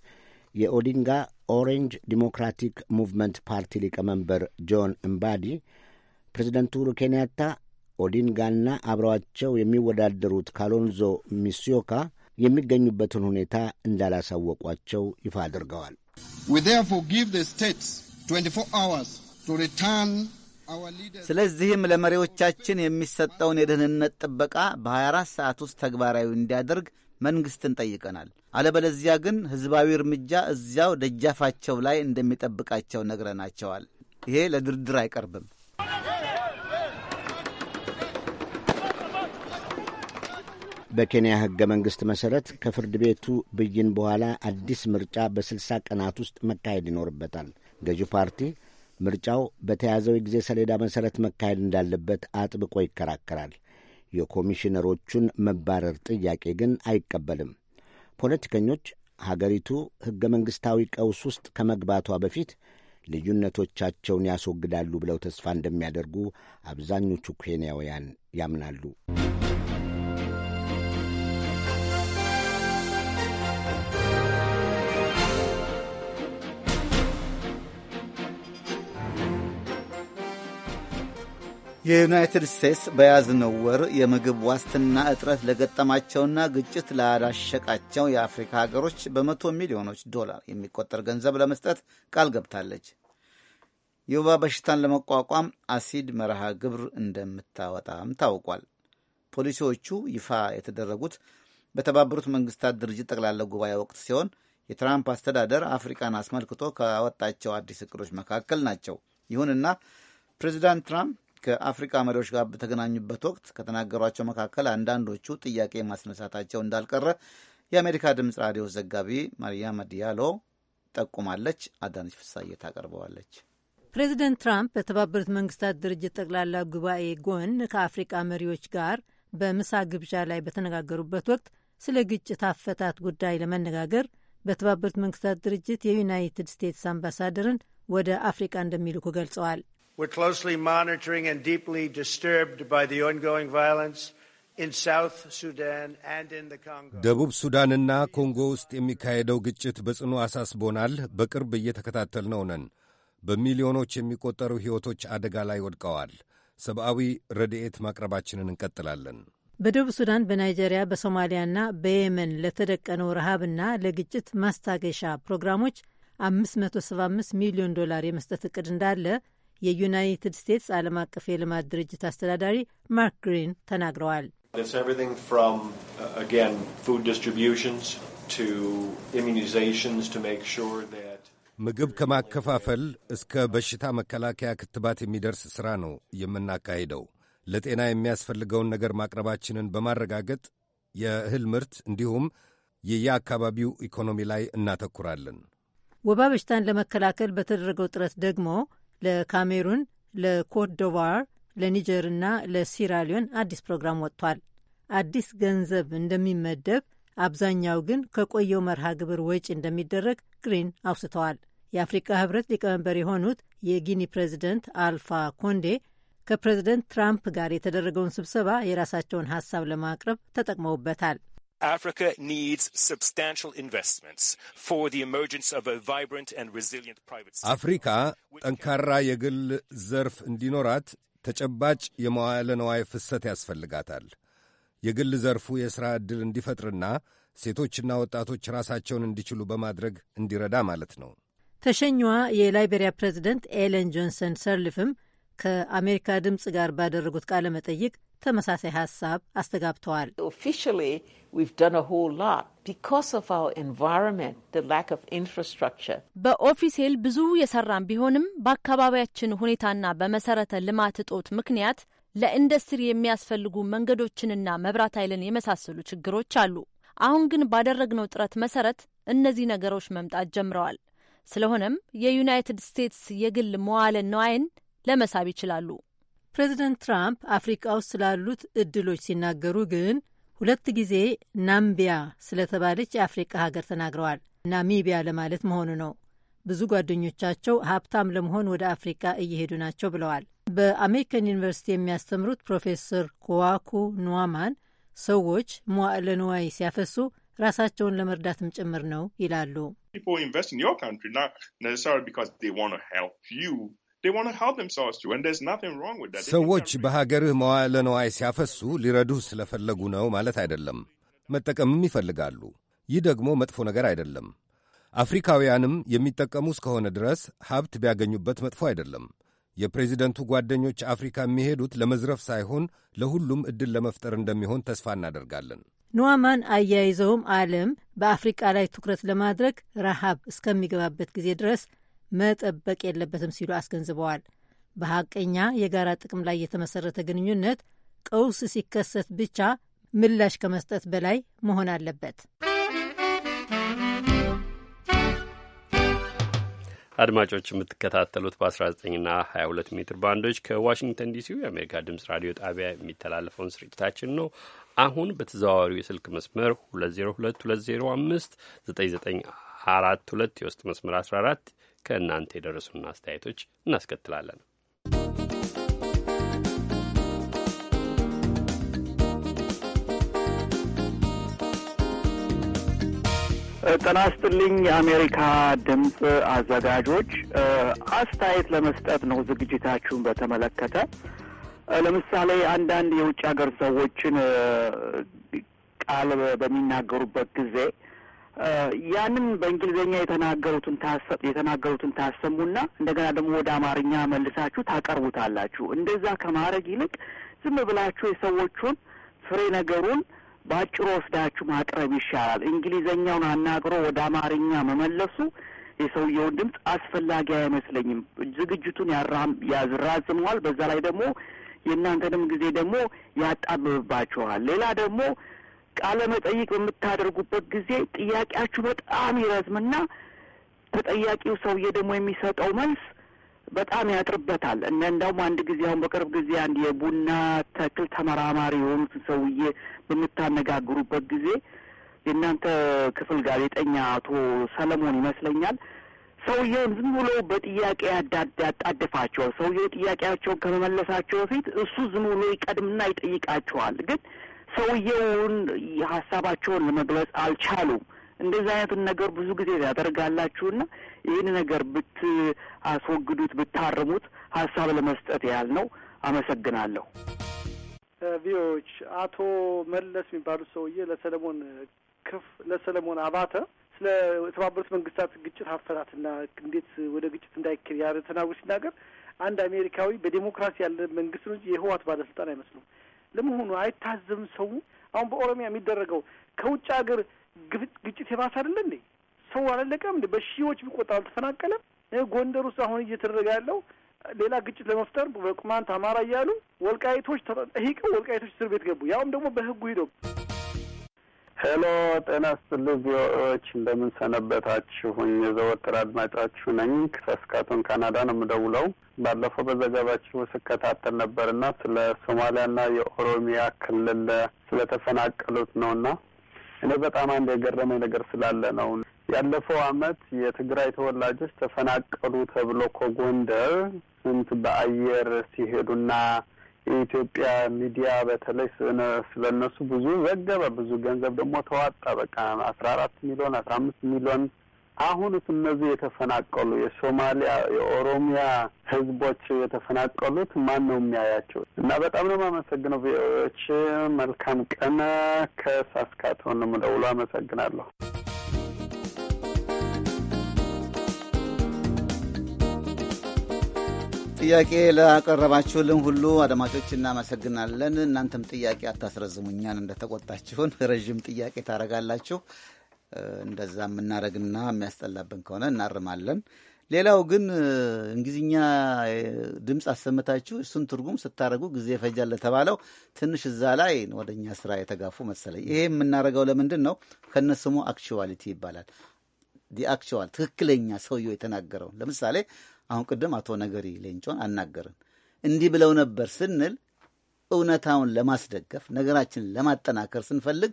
የኦዲንጋ ኦሬንጅ ዲሞክራቲክ ሙቭመንት ፓርቲ ሊቀመንበር ጆን እምባዲ ፕሬዚደንት ኡሁሩ ኬንያታ ኦዲንጋና አብረዋቸው የሚወዳደሩት ካሎንዞ ሚስዮካ የሚገኙበትን ሁኔታ እንዳላሳወቋቸው ይፋ አድርገዋል። ስለዚህም ለመሪዎቻችን የሚሰጠውን የደህንነት ጥበቃ በ24 ሰዓት ውስጥ ተግባራዊ እንዲያደርግ መንግሥትን ጠይቀናል። አለበለዚያ ግን ሕዝባዊ እርምጃ እዚያው ደጃፋቸው ላይ እንደሚጠብቃቸው ነግረናቸዋል። ይሄ ለድርድር አይቀርብም። በኬንያ ሕገ መንግሥት መሠረት ከፍርድ ቤቱ ብይን በኋላ አዲስ ምርጫ በስልሳ ቀናት ውስጥ መካሄድ ይኖርበታል። ገዢው ፓርቲ ምርጫው በተያዘው የጊዜ ሰሌዳ መሠረት መካሄድ እንዳለበት አጥብቆ ይከራከራል። የኮሚሽነሮቹን መባረር ጥያቄ ግን አይቀበልም። ፖለቲከኞች ሀገሪቱ ሕገ መንግሥታዊ ቀውስ ውስጥ ከመግባቷ በፊት ልዩነቶቻቸውን ያስወግዳሉ ብለው ተስፋ እንደሚያደርጉ አብዛኞቹ ኬንያውያን ያምናሉ። የዩናይትድ ስቴትስ በያዝነው ወር የምግብ ዋስትና እጥረት ለገጠማቸውና ግጭት ላዳሸቃቸው የአፍሪካ ሀገሮች በመቶ ሚሊዮኖች ዶላር የሚቆጠር ገንዘብ ለመስጠት ቃል ገብታለች። የወባ በሽታን ለመቋቋም አሲድ መርሃ ግብር እንደምታወጣም ታውቋል። ፖሊሲዎቹ ይፋ የተደረጉት በተባበሩት መንግስታት ድርጅት ጠቅላላ ጉባኤ ወቅት ሲሆን የትራምፕ አስተዳደር አፍሪካን አስመልክቶ ካወጣቸው አዲስ እቅዶች መካከል ናቸው። ይሁንና ፕሬዚዳንት ትራምፕ ከአፍሪቃ መሪዎች ጋር በተገናኙበት ወቅት ከተናገሯቸው መካከል አንዳንዶቹ ጥያቄ ማስነሳታቸው እንዳልቀረ የአሜሪካ ድምፅ ራዲዮ ዘጋቢ ማርያም ዲያሎ ጠቁማለች። አዳነች ፍሳዬ ታቀርበዋለች። ፕሬዚደንት ትራምፕ በተባበሩት መንግስታት ድርጅት ጠቅላላ ጉባኤ ጎን ከአፍሪቃ መሪዎች ጋር በምሳ ግብዣ ላይ በተነጋገሩበት ወቅት ስለ ግጭት አፈታት ጉዳይ ለመነጋገር በተባበሩት መንግስታት ድርጅት የዩናይትድ ስቴትስ አምባሳደርን ወደ አፍሪቃ እንደሚልኩ ገልጸዋል። We're closely monitoring and deeply disturbed by the ongoing violence in South Sudan and in the Congo. ደቡብ ሱዳንና ኮንጎ ውስጥ የሚካሄደው ግጭት በጽኑ አሳስቦናል። በቅርብ ነው ነን። በሚሊዮኖች የሚቆጠሩ ሕይወቶች አደጋ ላይ ወድቀዋል። ሰብአዊ ረድኤት ማቅረባችንን እንቀጥላለን። በደቡብ ሱዳን፣ በናይጄሪያ፣ በሶማሊያና በየመን ለተደቀነው ረሃብና ለግጭት ማስታገሻ ፕሮግራሞች 575 ሚሊዮን ዶላር የመስጠት እቅድ እንዳለ የዩናይትድ ስቴትስ ዓለም አቀፍ የልማት ድርጅት አስተዳዳሪ ማርክ ግሪን ተናግረዋል። uh, ምግብ ከማከፋፈል እስከ በሽታ መከላከያ ክትባት የሚደርስ ሥራ ነው የምናካሂደው። ለጤና የሚያስፈልገውን ነገር ማቅረባችንን በማረጋገጥ የእህል ምርት እንዲሁም የየአካባቢው ኢኮኖሚ ላይ እናተኩራለን። ወባ በሽታን ለመከላከል በተደረገው ጥረት ደግሞ ለካሜሩን፣ ለኮርዶቫር፣ ለኒጀርና ለሲራሊዮን አዲስ ፕሮግራም ወጥቷል። አዲስ ገንዘብ እንደሚመደብ አብዛኛው ግን ከቆየው መርሃ ግብር ወጪ እንደሚደረግ ግሪን አውስተዋል። የአፍሪካ ህብረት ሊቀመንበር የሆኑት የጊኒ ፕሬዚደንት አልፋ ኮንዴ ከፕሬዚደንት ትራምፕ ጋር የተደረገውን ስብሰባ የራሳቸውን ሀሳብ ለማቅረብ ተጠቅመውበታል። Africa needs substantial investments for the emergence of a vibrant and resilient private sector. አፍሪካ ጠንካራ የግል ዘርፍ እንዲኖራት ተጨባጭ የመዋዕለ ነዋይ ፍሰት ያስፈልጋታል። የግል ዘርፉ የሥራ ዕድል እንዲፈጥርና ሴቶችና ወጣቶች ራሳቸውን እንዲችሉ በማድረግ እንዲረዳ ማለት ነው። ተሸኛዋ የላይቤሪያ ፕሬዚደንት ኤለን ጆንሰን ሰርሊፍም ከአሜሪካ ድምፅ ጋር ባደረጉት ቃለ መጠይቅ ተመሳሳይ ሀሳብ አስተጋብተዋል። በኦፊሴል ብዙ የሰራን ቢሆንም በአካባቢያችን ሁኔታና በመሰረተ ልማት እጦት ምክንያት ለኢንዱስትሪ የሚያስፈልጉ መንገዶችንና መብራት ኃይልን የመሳሰሉ ችግሮች አሉ። አሁን ግን ባደረግነው ጥረት መሰረት እነዚህ ነገሮች መምጣት ጀምረዋል። ስለሆነም የዩናይትድ ስቴትስ የግል መዋለ ነዋይን ለመሳብ ይችላሉ። ፕሬዚደንት ትራምፕ አፍሪቃ ውስጥ ስላሉት እድሎች ሲናገሩ ግን ሁለት ጊዜ ናምቢያ ስለተባለች የአፍሪቃ ሀገር ተናግረዋል። ናሚቢያ ለማለት መሆኑ ነው። ብዙ ጓደኞቻቸው ሀብታም ለመሆን ወደ አፍሪቃ እየሄዱ ናቸው ብለዋል። በአሜሪካን ዩኒቨርሲቲ የሚያስተምሩት ፕሮፌሰር ኩዋኩ ኑዋማን ሰዎች መዋዕለ ንዋይ ሲያፈሱ ራሳቸውን ለመርዳትም ጭምር ነው ይላሉ። ሰዎች በሀገርህ መዋዕለ ነዋይ ሲያፈሱ ሊረዱህ ስለፈለጉ ነው ማለት አይደለም። መጠቀምም ይፈልጋሉ። ይህ ደግሞ መጥፎ ነገር አይደለም። አፍሪካውያንም የሚጠቀሙ እስከሆነ ድረስ ሀብት ቢያገኙበት መጥፎ አይደለም። የፕሬዚደንቱ ጓደኞች አፍሪካ የሚሄዱት ለመዝረፍ ሳይሆን ለሁሉም ዕድል ለመፍጠር እንደሚሆን ተስፋ እናደርጋለን። ኑዋማን አያይዘውም ዓለም በአፍሪቃ ላይ ትኩረት ለማድረግ ረሃብ እስከሚገባበት ጊዜ ድረስ መጠበቅ የለበትም ሲሉ አስገንዝበዋል። በሀቀኛ የጋራ ጥቅም ላይ የተመሰረተ ግንኙነት ቀውስ ሲከሰት ብቻ ምላሽ ከመስጠት በላይ መሆን አለበት። አድማጮች የምትከታተሉት በ19ና 22 ሜትር ባንዶች ከዋሽንግተን ዲሲው የአሜሪካ ድምጽ ራዲዮ ጣቢያ የሚተላለፈውን ስርጭታችን ነው። አሁን በተዘዋዋሪው የስልክ መስመር 2022059942 የውስጥ መስመር 14 ከእናንተ የደረሱን አስተያየቶች እናስከትላለን። ጤና ይስጥልኝ የአሜሪካ ድምፅ አዘጋጆች፣ አስተያየት ለመስጠት ነው ዝግጅታችሁን በተመለከተ። ለምሳሌ አንዳንድ የውጭ ሀገር ሰዎችን ቃል በሚናገሩበት ጊዜ ያንን በእንግሊዝኛ የተናገሩትን የተናገሩትን ታሰሙና እንደገና ደግሞ ወደ አማርኛ መልሳችሁ ታቀርቡታላችሁ። እንደዛ ከማድረግ ይልቅ ዝም ብላችሁ የሰዎቹን ፍሬ ነገሩን በአጭሩ ወስዳችሁ ማቅረብ ይሻላል። እንግሊዘኛውን አናግሮ ወደ አማርኛ መመለሱ የሰውየውን ድምፅ አስፈላጊ አይመስለኝም። ዝግጅቱን ያዝራዝመዋል። በዛ ላይ ደግሞ የእናንተንም ጊዜ ደግሞ ያጣብብባችኋል። ሌላ ደግሞ ቃለ መጠይቅ በምታደርጉበት ጊዜ ጥያቄያችሁ በጣም ይረዝምና ተጠያቂው ሰውዬ ደግሞ የሚሰጠው መልስ በጣም ያጥርበታል እነ እንደውም አንድ ጊዜ አሁን በቅርብ ጊዜ አንድ የቡና ተክል ተመራማሪ የሆኑት ሰውዬ በምታነጋግሩበት ጊዜ የእናንተ ክፍል ጋዜጠኛ አቶ ሰለሞን ይመስለኛል ሰውየውን ዝም ብሎ በጥያቄ ያጣድፋቸዋል። ሰውየው ጥያቄያቸውን ከመመለሳቸው በፊት እሱ ዝም ብሎ ይቀድምና ይጠይቃቸዋል። ግን ሰውየውን ሀሳባቸውን ለመግለጽ አልቻሉም። እንደዚህ አይነቱን ነገር ብዙ ጊዜ ያደርጋላችሁና ይህን ነገር ብትአስወግዱት ብታርሙት ሀሳብ ለመስጠት ያህል ነው። አመሰግናለሁ። ቪዎች አቶ መለስ የሚባሉት ሰውዬ ለሰለሞን ክፍ ለሰለሞን አባተ ስለ የተባበሩት መንግስታት ግጭት አፈታትና እንዴት ወደ ግጭት እንዳይክል ያለ ተናግሮ ሲናገር አንድ አሜሪካዊ በዴሞክራሲ ያለ መንግስት ነው እንጂ የህወሓት ባለስልጣን አይመስሉም። ለመሆኑ አይታዘብም ሰው? አሁን በኦሮሚያ የሚደረገው ከውጭ ሀገር ግጭት የባሰ አይደለ እንዴ? ሰው አላለቀም እንዴ? በሺዎች ቢቆጠር አልተፈናቀለም? ጎንደር ውስጥ አሁን እየተደረገ ያለው ሌላ ግጭት ለመፍጠር በቅማንት አማራ እያሉ ወልቃይቶች ተጠይቀው ወልቃይቶች እስር ቤት ገቡ። ያውም ደግሞ በህጉ ሂደው ሄሎ ጤና ስትልኝ ቪኦኤዎች እንደምን ሰነበታችሁኝ? የዘወትር አድማጫችሁ ነኝ። ከስካቱን ካናዳ ነው የምደውለው። ባለፈው በዘገባችሁ ስከታተል ነበርና ስለ ሶማሊያና የኦሮሚያ ክልል ስለተፈናቀሉት ነውና እኔ በጣም አንድ የገረመኝ ነገር ስላለ ነው። ያለፈው አመት የትግራይ ተወላጆች ተፈናቀሉ ተብሎ ከጎንደር ስንት በአየር ሲሄዱና የኢትዮጵያ ሚዲያ በተለይ ስለ እነሱ ብዙ ዘገበ። ብዙ ገንዘብ ደግሞ ተዋጣ። በቃ አስራ አራት ሚሊዮን አስራ አምስት ሚሊዮን አሁንስ እነዚህ የተፈናቀሉ የሶማሊያ የኦሮሚያ ህዝቦች የተፈናቀሉት ማን ነው የሚያያቸው? እና በጣም ነው የማመሰግነው። ቪኦኤዎች መልካም ቀን። ከሳስካቶን ምደውሎ አመሰግናለሁ። ጥያቄ ላቀረባችሁልን ሁሉ አድማጮች እናመሰግናለን። እናንተም ጥያቄ አታስረዝሙኛን እንደተቆጣችሁን ረዥም ጥያቄ ታደርጋላችሁ እንደዛ የምናደርግና የሚያስጠላብን ከሆነ እናርማለን። ሌላው ግን እንግሊዝኛ ድምፅ አሰምታችሁ እሱን ትርጉም ስታደርጉ ጊዜ ይፈጃል ለተባለው ትንሽ እዛ ላይ ወደ እኛ ስራ የተጋፉ መሰለኝ። ይሄ የምናደርገው ለምንድን ነው? ከነስሙ አክቹዋሊቲ ይባላል። ዲ አክቹዋል ትክክለኛ ሰውየው የተናገረው ለምሳሌ አሁን ቅድም አቶ ነገሪ ሌንጮን አናገርን። እንዲህ ብለው ነበር ስንል እውነታውን ለማስደገፍ ነገራችንን ለማጠናከር ስንፈልግ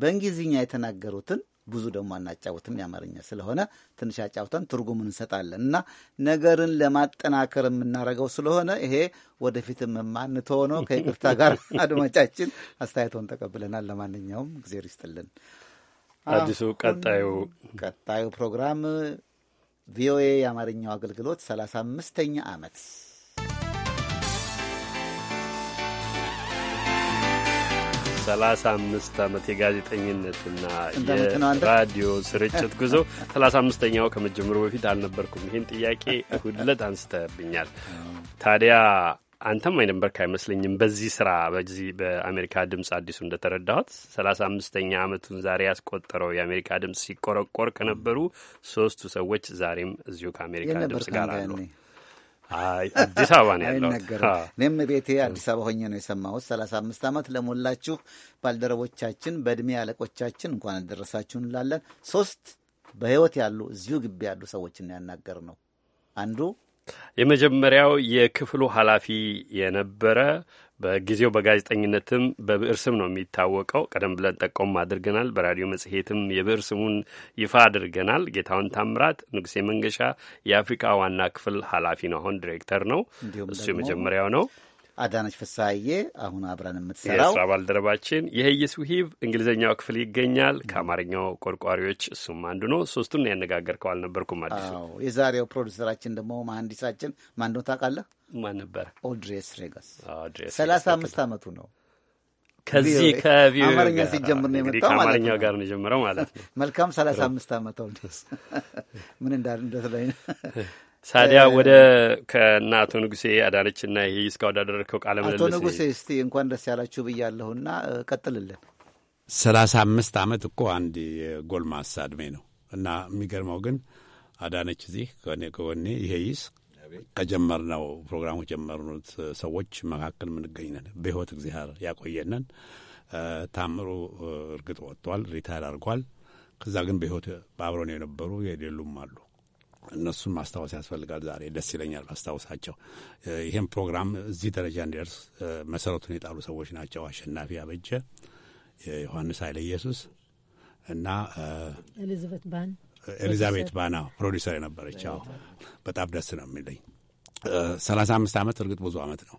በእንግሊዝኛ የተናገሩትን ብዙ ደግሞ አናጫወትም። የአማርኛ ስለሆነ ትንሽ አጫውተን ትርጉሙን እንሰጣለን እና ነገርን ለማጠናከር የምናደርገው ስለሆነ ይሄ ወደፊት የማንተው ነው። ከይቅርታ ጋር አድማጫችን አስተያየቶን ተቀብለናል። ለማንኛውም እግዜር ይስጥልን። አዲሱ ቀጣዩ ቀጣዩ ፕሮግራም ቪኦኤ የአማርኛው አገልግሎት 35ኛ ዓመት ሰላሳ አምስት ዓመት የጋዜጠኝነትና የራዲዮ ስርጭት ጉዞ ሰላሳ አምስተኛው ከመጀመሩ በፊት አልነበርኩም። ይህን ጥያቄ ሁለት አንስተብኛል። ታዲያ አንተም አይነበርክ አይመስለኝም። በዚህ ስራ በዚህ በአሜሪካ ድምፅ አዲሱ እንደተረዳሁት ሰላሳ አምስተኛ አመቱን ዛሬ ያስቆጠረው የአሜሪካ ድምፅ ሲቆረቆር ከነበሩ ሶስቱ ሰዎች ዛሬም እዚሁ ከአሜሪካ ድምፅ ጋር አሉ። አዲስ አበባ ነው ያለው። እኔም ቤቴ አዲስ አበባ ሆኜ ነው የሰማሁት። ሰላሳ አምስት አመት ለሞላችሁ ባልደረቦቻችን፣ በእድሜ አለቆቻችን እንኳን አደረሳችሁ እንላለን። ሶስት በህይወት ያሉ እዚሁ ግቢ ያሉ ሰዎችን ያናገር ነው አንዱ የመጀመሪያው የክፍሉ ኃላፊ የነበረ በጊዜው በጋዜጠኝነትም በብዕር ስም ነው የሚታወቀው። ቀደም ብለን ጠቆም አድርገናል። በራዲዮ መጽሔትም የብዕር ስሙን ይፋ አድርገናል። ጌታውን ታምራት ንጉሴ መንገሻ የአፍሪካ ዋና ክፍል ኃላፊ ነው። አሁን ዲሬክተር ነው። እሱ የመጀመሪያው ነው። አዳነች ፍሳዬ አሁን አብረን የምትሰራው የስራ ባልደረባችን የህይስ ሂብ እንግሊዝኛው ክፍል ይገኛል። ከአማርኛው ቆርቋሪዎች እሱም አንዱ ነው። ሶስቱን ያነጋገርከው አልነበርኩም አዲሱ። የዛሬው ፕሮዲሰራችን ደግሞ መሀንዲሳችን ማን ነው ታውቃለህ? ማን ነበር? ኦድሬስ ሬገስ ሰላሳ አምስት አመቱ ነው። ከዚህ ከቪኦኤ አማርኛ ሲጀምር ነው የመጣው ከአማርኛው ጋር ነው የጀመረው ማለት ነው። መልካም ሰላሳ አምስት አመት ኦድሬስ ምን እንዳ እንዳለ ሳዲያ ወደ ከና አቶ ንጉሴ አዳነችና ይሄ እስካሁን ወዳደረግከው ቃለ ምልልስ አቶ ንጉሴ እስቲ እንኳን ደስ ያላችሁ ብያለሁና ቀጥልልን። ሰላሳ አምስት ዓመት እኮ አንድ የጎልማሳ እድሜ ነው እና የሚገርመው ግን አዳነች እዚህ ከኔ ከወኔ ይሄ ይስ ከጀመርነው ፕሮግራሙ ጀመርኑት ሰዎች መካከል የምንገኝ በህይወት በሕይወት እግዚአብሔር ያቆየነን። ታምሩ እርግጥ ወጥቷል፣ ሪታይር አድርጓል። ከዛ ግን በህይወት በአብረን የነበሩ የሌሉም አሉ እነሱን ማስታወስ ያስፈልጋል። ዛሬ ደስ ይለኛል ማስታወሳቸው። ይህም ፕሮግራም እዚህ ደረጃ እንዲደርስ መሰረቱን የጣሉ ሰዎች ናቸው። አሸናፊ አበጀ፣ ዮሐንስ ኃይለ ኢየሱስ እና ኤሊዛቤት ባና ፕሮዲሰር የነበረችው በጣም ደስ ነው የሚለኝ። ሰላሳ አምስት ዓመት እርግጥ ብዙ ዓመት ነው።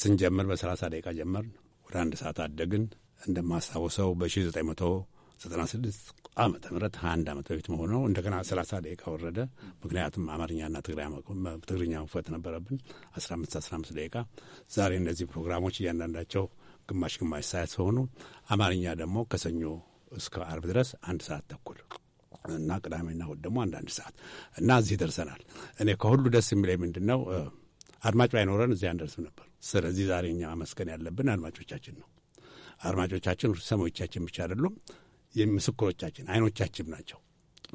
ስንጀምር በሰላሳ ደቂቃ ጀመር፣ ወደ አንድ ሰዓት አደግን። እንደማስታውሰው በሺህ ዘጠኝ መቶ 96 ዓመተ ምህረት 21 ዓመት በፊት መሆኑ ነው። እንደገና 30 ደቂቃ ወረደ። ምክንያቱም አማርኛና ትግርኛ መክፈት ነበረብን 15 15 ደቂቃ። ዛሬ እነዚህ ፕሮግራሞች እያንዳንዳቸው ግማሽ ግማሽ ሰዓት ሲሆኑ አማርኛ ደግሞ ከሰኞ እስከ አርብ ድረስ አንድ ሰዓት ተኩል እና ቅዳሜና እሑድ ደግሞ አንዳንድ ሰዓት እና እዚህ ደርሰናል። እኔ ከሁሉ ደስ የሚለኝ ምንድን ነው አድማጭ ባይኖረን እዚህ አንደርስም ነበር። ስለዚህ ዛሬ እኛ ማመስገን ያለብን አድማጮቻችን ነው። አድማጮቻችን ሰሞቻችን ብቻ አይደሉም ምስክሮቻችን፣ አይኖቻችን ናቸው።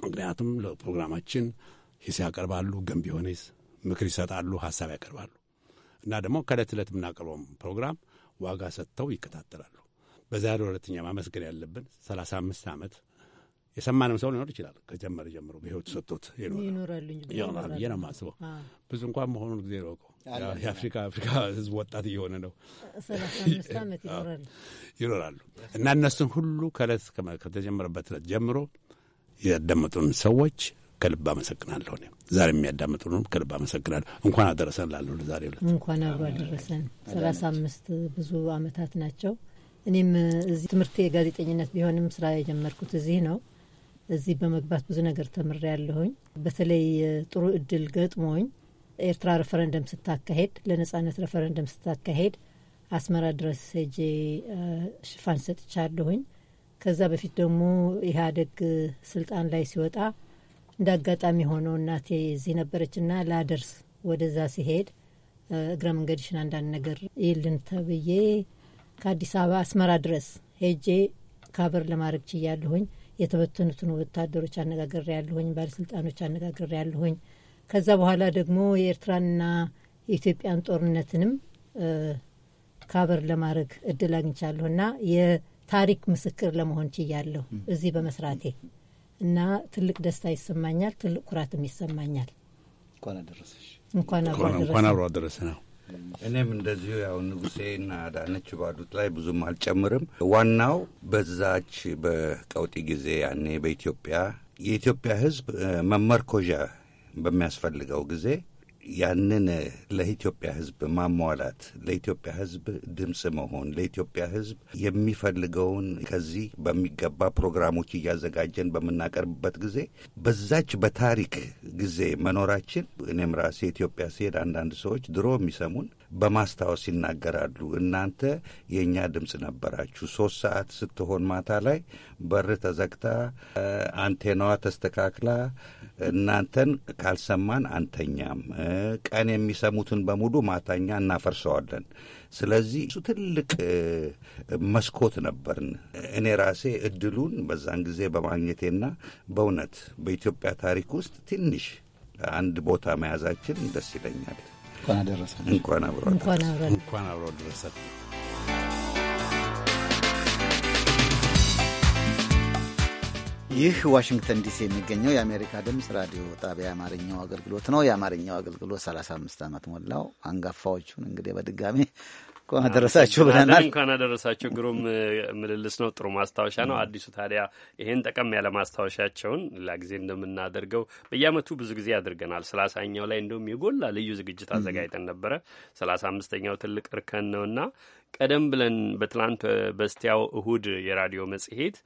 ምክንያቱም ለፕሮግራማችን ሂስ ያቀርባሉ፣ ገንቢ የሆነ ሂስ ምክር ይሰጣሉ፣ ሀሳብ ያቀርባሉ እና ደግሞ ከእለት ዕለት የምናቀርበውም ፕሮግራም ዋጋ ሰጥተው ይከታተላሉ። በዛሬ ሁለተኛ ማመስገን ያለብን ሰላሳ አምስት ዓመት የሰማንም ሰው ሊኖር ይችላል። ከጀመረ ጀምሮ በህይወቱ ሰጥቶት ይኖራል ይኖራል ብዬ ነው የማስበው። ብዙ እንኳን መሆኑን ጊዜ ረውቀው የአፍሪካ አፍሪካ ህዝብ ወጣት እየሆነ ነው ይኖራሉ እና እነሱን ሁሉ ከእለት ከተጀመረበት እለት ጀምሮ ያዳመጡን ሰዎች ከልብ አመሰግናለሁ። ዛሬ የሚያዳምጡንም ከልብ አመሰግናለሁ። እንኳን አደረሰን ላለሁ ዛሬ ዕለት እንኳን አብሮ አደረሰን። ሰላሳ አምስት ብዙ አመታት ናቸው። እኔም እዚህ ትምህርት የጋዜጠኝነት ቢሆንም ስራ የጀመርኩት እዚህ ነው። እዚህ በመግባት ብዙ ነገር ተምሬ ያለሁኝ። በተለይ ጥሩ እድል ገጥሞኝ ኤርትራ ሬፈረንደም ስታካሄድ፣ ለነጻነት ሬፈረንደም ስታካሄድ አስመራ ድረስ ሄጄ ሽፋን ሰጥቻለሁኝ። ከዛ በፊት ደግሞ ኢህአዴግ ስልጣን ላይ ሲወጣ እንደ አጋጣሚ ሆነው እናቴ እዚህ ነበረችና ላደርስ ወደዛ ሲሄድ እግረ መንገድሽን አንዳንድ ነገር ይልን ተብዬ ከአዲስ አበባ አስመራ ድረስ ሄጄ ካበር ለማድረግ ችያለሁኝ። የተበተኑትን ወታደሮች አነጋግሬ ያለሁኝ፣ ባለስልጣኖች አነጋግሬ ያለሁኝ። ከዛ በኋላ ደግሞ የኤርትራንና የኢትዮጵያን ጦርነትንም ካበር ለማድረግ እድል አግኝቻለሁና የታሪክ ምስክር ለመሆን ችያለሁ እዚህ በመስራቴ እና ትልቅ ደስታ ይሰማኛል፣ ትልቅ ኩራትም ይሰማኛል። እንኳን አብሮ አደረሰ ነው እኔም እንደዚሁ ያው ንጉሴና አዳነች ባሉት ላይ ብዙም አልጨምርም። ዋናው በዛች በቀውጢ ጊዜ ያኔ በኢትዮጵያ የኢትዮጵያ ሕዝብ መመርኮዣ በሚያስፈልገው ጊዜ ያንን ለኢትዮጵያ ሕዝብ ማሟላት ለኢትዮጵያ ሕዝብ ድምፅ መሆን ለኢትዮጵያ ሕዝብ የሚፈልገውን ከዚህ በሚገባ ፕሮግራሞች እያዘጋጀን በምናቀርብበት ጊዜ በዛች በታሪክ ጊዜ መኖራችን እኔም ራሴ ኢትዮጵያ ስሄድ አንዳንድ ሰዎች ድሮ የሚሰሙን በማስታወስ ይናገራሉ። እናንተ የእኛ ድምፅ ነበራችሁ። ሶስት ሰዓት ስትሆን ማታ ላይ በር ተዘግታ አንቴናዋ ተስተካክላ እናንተን ካልሰማን አንተኛም። ቀን የሚሰሙትን በሙሉ ማታኛ እናፈርሰዋለን። ስለዚህ እሱ ትልቅ መስኮት ነበርን። እኔ ራሴ እድሉን በዛን ጊዜ በማግኘቴና በእውነት በኢትዮጵያ ታሪክ ውስጥ ትንሽ አንድ ቦታ መያዛችን ደስ ይለኛል። እንኳን አደረሰን። እንኳን አብሮ እንኳን አብሮ ይህ ዋሽንግተን ዲሲ የሚገኘው የአሜሪካ ድምፅ ራዲዮ ጣቢያ የአማርኛው አገልግሎት ነው። የአማርኛው አገልግሎት 35 ዓመት ሞላው። አንጋፋዎቹን እንግዲህ በድጋሚ እንኳን አደረሳችሁ ብለናል። እንኳን አደረሳችሁ። ግሩም ምልልስ ነው። ጥሩ ማስታወሻ ነው። አዲሱ ታዲያ ይህን ጠቀም ያለ ማስታወሻቸውን ሌላ ጊዜ እንደምናደርገው በየአመቱ ብዙ ጊዜ አድርገናል። ሰላሳኛው ላይ እንደውም የጎላ ልዩ ዝግጅት አዘጋጅተን ነበረ። ሰላሳ አምስተኛው ትልቅ እርከን ነውና ቀደም ብለን በትላንት በስቲያው እሁድ የራዲዮ መጽሔት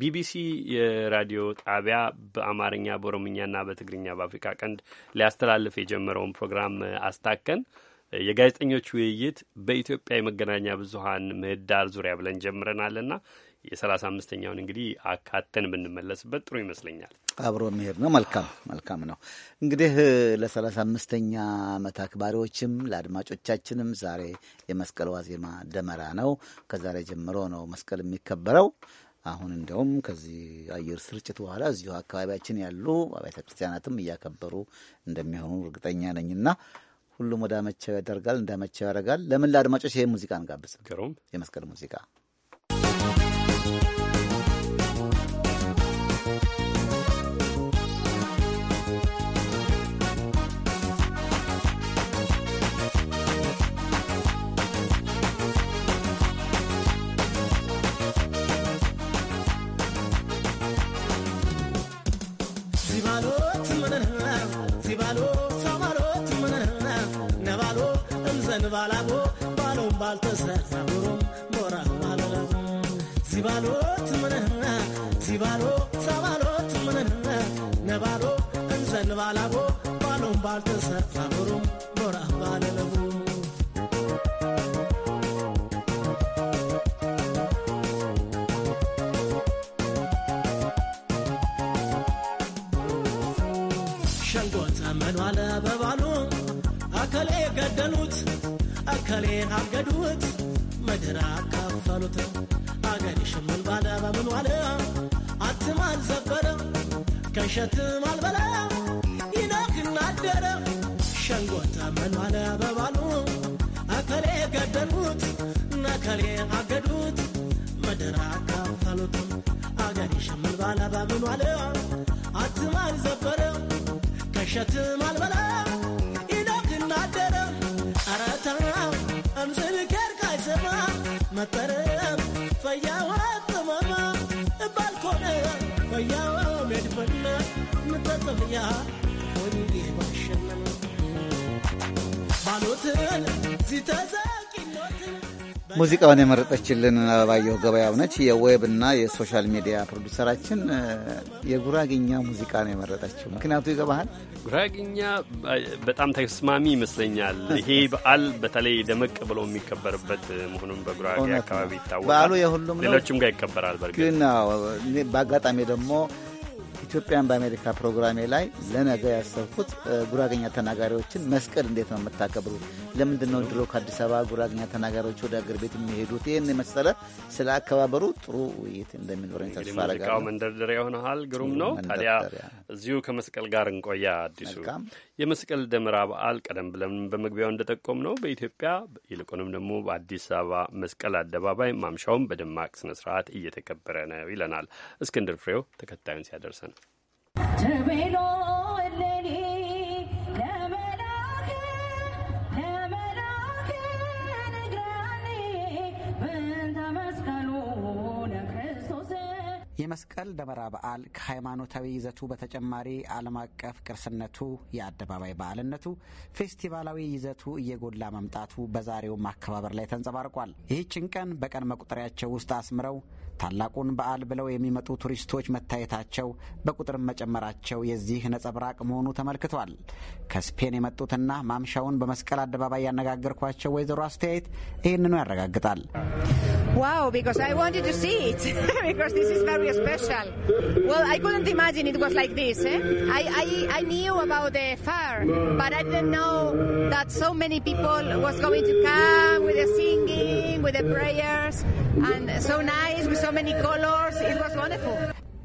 ቢቢሲ የራዲዮ ጣቢያ በአማርኛ በኦሮምኛና በትግርኛ በአፍሪካ ቀንድ ሊያስተላልፍ የጀመረውን ፕሮግራም አስታከን የጋዜጠኞች ውይይት በኢትዮጵያ የመገናኛ ብዙኃን ምህዳር ዙሪያ ብለን ጀምረናልና የሰላሳ አምስተኛውን እንግዲህ አካተን ብንመለስበት ጥሩ ይመስለኛል። አብሮ መሄድ ነው። መልካም መልካም ነው። እንግዲህ ለሰላሳ አምስተኛ ዓመት አክባሪዎችም ለአድማጮቻችንም ዛሬ የመስቀል ዋዜማ ደመራ ነው። ከዛሬ ጀምሮ ነው መስቀል የሚከበረው። አሁን እንዲያውም ከዚህ አየር ስርጭት በኋላ እዚሁ አካባቢያችን ያሉ አብያተ ክርስቲያናትም እያከበሩ እንደሚሆኑ እርግጠኛ ነኝና ሁሉም ወደ አመቸው ያደርጋል እንዳመቸው ያደርጋል። ለምን ለአድማጮች ይህ ሙዚቃ እንጋብዝ። የመስቀል ሙዚቃ baltasarabrom bora malala zibalot manana zibalo sabalot manana nabalo እንዘንባላቦ ባሎም ባልተሰራብሮም ቦራ ባለለቡ ሸንጎ ተመኗለ በባሉ አከሌ ገደሉት አከሌን እንጀራ አካፈሉት አገሪሽም ምን ባለ በምን ዋለ አትም አልዘበረ ከሸትም አልበላ ይነክና አደረ ዋለ በባሉ እከሌ ገደሉት ነከሌ አገዱት መደራ አካፈሉት አገሪሽም ምን ባለ በምን ዋለ አትም አልዘበረ ከሸትም አልበላ አጠረም ፈያዋ ጥመማ ባልኮነ ፈያዋ ሜድፈና ምጠጥፍያ ባሎትን ዚተዘቂኖትን ሙዚቃውን የመረጠችልን አበባየሁ ገበያው ነች። የዌብና የሶሻል ሚዲያ ፕሮዲሰራችን የጉራግኛ ሙዚቃ ነው የመረጠችው። ምክንያቱ ይገባሃል? ጉራግኛ በጣም ተስማሚ ይመስለኛል። ይሄ በዓል በተለይ ደመቅ ብሎ የሚከበርበት መሆኑን በጉራጌ አካባቢ ይታወቃል። በዓሉ የሁሉም ሌሎችም ጋር ይከበራል። በርግጥ ግን በአጋጣሚ ደግሞ ኢትዮጵያን በአሜሪካ ፕሮግራሜ ላይ ለነገ ያሰብኩት ጉራገኛ ተናጋሪዎችን መስቀል እንዴት ነው የምታከብሩት? ለምንድን ነው ድሮ ከአዲስ አበባ ጉራገኛ ተናጋሪዎች ወደ አገር ቤት የሚሄዱት? ይህን የመሰለ ስለ አከባበሩ ጥሩ ውይይት እንደሚኖረኝ ተስፋ አደርጋለሁ። መንደርደሪያ ግሩም ነው። ታዲያ እዚሁ ከመስቀል ጋር እንቆያ አዲሱ የመስቀል ደመራ በዓል ቀደም ብለን በመግቢያው እንደጠቆም ነው በኢትዮጵያ ይልቁንም ደግሞ በአዲስ አበባ መስቀል አደባባይ ማምሻውን በደማቅ ስነ ስርዓት እየተከበረ ነው ይለናል እስክንድር ፍሬው ተከታዩን ሲያደርሰን የመስቀል ደመራ በዓል ከሃይማኖታዊ ይዘቱ በተጨማሪ ዓለም አቀፍ ቅርስነቱ፣ የአደባባይ በዓልነቱ፣ ፌስቲቫላዊ ይዘቱ እየጎላ መምጣቱ በዛሬውም አከባበር ላይ ተንጸባርቋል። ይህችን ቀን በቀን መቁጠሪያቸው ውስጥ አስምረው ታላቁን በዓል ብለው የሚመጡ ቱሪስቶች መታየታቸው፣ በቁጥርም መጨመራቸው የዚህ ነጸብራቅ መሆኑ ተመልክቷል። ከስፔን የመጡትና ማምሻውን በመስቀል አደባባይ ያነጋገርኳቸው ወይዘሮ አስተያየት ይህንኑ ያረጋግጣል። ዋው ቢካዝ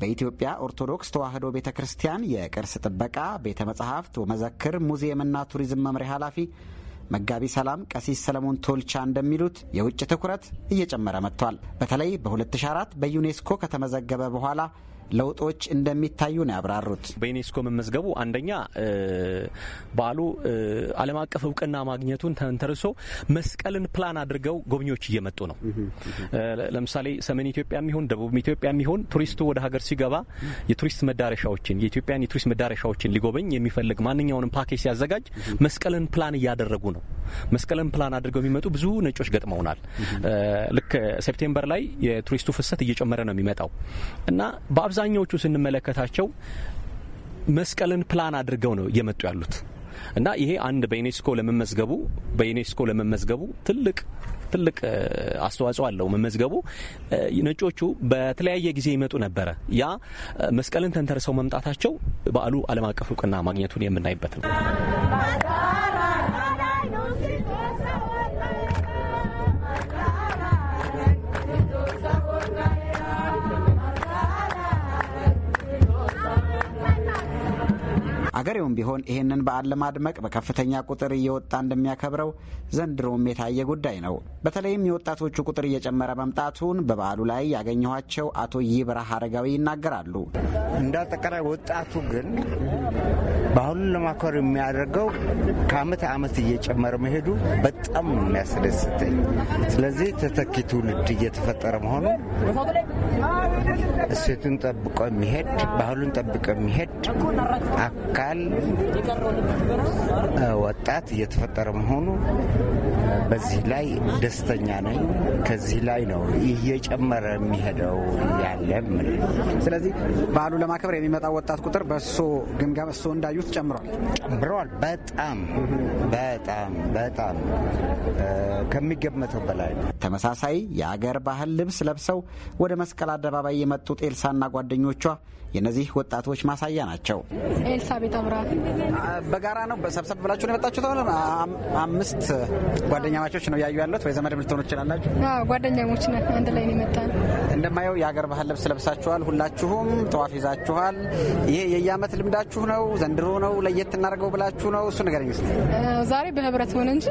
በኢትዮጵያ ኦርቶዶክስ ተዋሕዶ ቤተ ክርስቲያን የቅርስ ጥበቃ ቤተ መጻሕፍት ወመዘክር ሙዚየምና ቱሪዝም መምሪያ ኃላፊ መጋቢ ሰላም ቀሲስ ሰለሞን ቶልቻ እንደሚሉት የውጭ ትኩረት እየጨመረ መጥቷል። በተለይ በ2004 በዩኔስኮ ከተመዘገበ በኋላ ለውጦች እንደሚታዩ ነው ያብራሩት። በዩኔስኮ መመዝገቡ አንደኛ በዓሉ ዓለም አቀፍ እውቅና ማግኘቱን ተንተርሶ መስቀልን ፕላን አድርገው ጎብኚዎች እየመጡ ነው። ለምሳሌ ሰሜን ኢትዮጵያ የሚሆን ደቡብ ኢትዮጵያ የሚሆን ቱሪስቱ ወደ ሀገር ሲገባ የቱሪስት መዳረሻዎችን የኢትዮጵያን የቱሪስት መዳረሻዎችን ሊጎበኝ የሚፈልግ ማንኛውንም ፓኬጅ ሲያዘጋጅ መስቀልን ፕላን እያደረጉ ነው። መስቀልን ፕላን አድርገው የሚመጡ ብዙ ነጮች ገጥመውናል። ልክ ሴፕቴምበር ላይ የቱሪስቱ ፍሰት እየጨመረ ነው የሚመጣው እና በአብዛኛው አብዛኛዎቹ ስንመለከታቸው መስቀልን ፕላን አድርገው ነው እየመጡ ያሉት እና ይሄ አንድ በዩኔስኮ ለመመዝገቡ በዩኔስኮ ለመመዝገቡ ትልቅ ትልቅ አስተዋጽኦ አለው መመዝገቡ። ነጮቹ በተለያየ ጊዜ ይመጡ ነበረ። ያ መስቀልን ተንተርሰው መምጣታቸው በዓሉ ዓለም አቀፍ እውቅና ማግኘቱን የምናይበት ነው። አገሬውም ቢሆን ይህንን በዓል ለማድመቅ በከፍተኛ ቁጥር እየወጣ እንደሚያከብረው ዘንድሮም የታየ ጉዳይ ነው። በተለይም የወጣቶቹ ቁጥር እየጨመረ መምጣቱን በበዓሉ ላይ ያገኘኋቸው አቶ ይብራህ አረጋዊ ይናገራሉ። እንዳጠቃላይ ወጣቱ ግን ባህሉን ለማክበር የሚያደርገው ከአመት አመት እየጨመረ መሄዱ በጣም የሚያስደስተኝ። ስለዚህ ተተኪ ትውልድ እየተፈጠረ መሆኑ እሴቱን ጠብቆ የሚሄድ ባህሉን ጠብቆ የሚሄድ አካል ወጣት እየተፈጠረ መሆኑ በዚህ ላይ ደስተኛ ነኝ። ከዚህ ላይ ነው እየጨመረ የሚሄደው ያለ። ስለዚህ ባህሉ ለማክበር የሚመጣው ወጣት ቁጥር በእሱ ግምገማ እሱ እንዳዩ የሚያሳዩት ጨምሯል ጨምረዋል። በጣም በጣም በጣም ከሚገመተው በላይ ነው። ተመሳሳይ የአገር ባህል ልብስ ለብሰው ወደ መስቀል አደባባይ የመጡት ኤልሳና ጓደኞቿ የእነዚህ ወጣቶች ማሳያ ናቸው። ኤልሳ ቤት አብራ በጋራ ነው በሰብሰብ ብላችሁ ነው የመጣችሁት? አሁን አምስት ጓደኛማቾች ነው ያዩ ያሉት ወይ ዘመድ ልትሆኑ ይችላላችሁ። ጓደኛሞች ነ አንድ ላይ ነው የመጣ ነው እንደማየው የሀገር ባህል ልብስ ለብሳችኋል። ሁላችሁም ጠዋፍ ይዛችኋል። ይሄ የየአመት ልምዳችሁ ነው? ዘንድሮ ነው ለየት እናደርገው ብላችሁ ነው? እሱ ነገር ይመስል ዛሬ በህብረት ሆነ እንጂ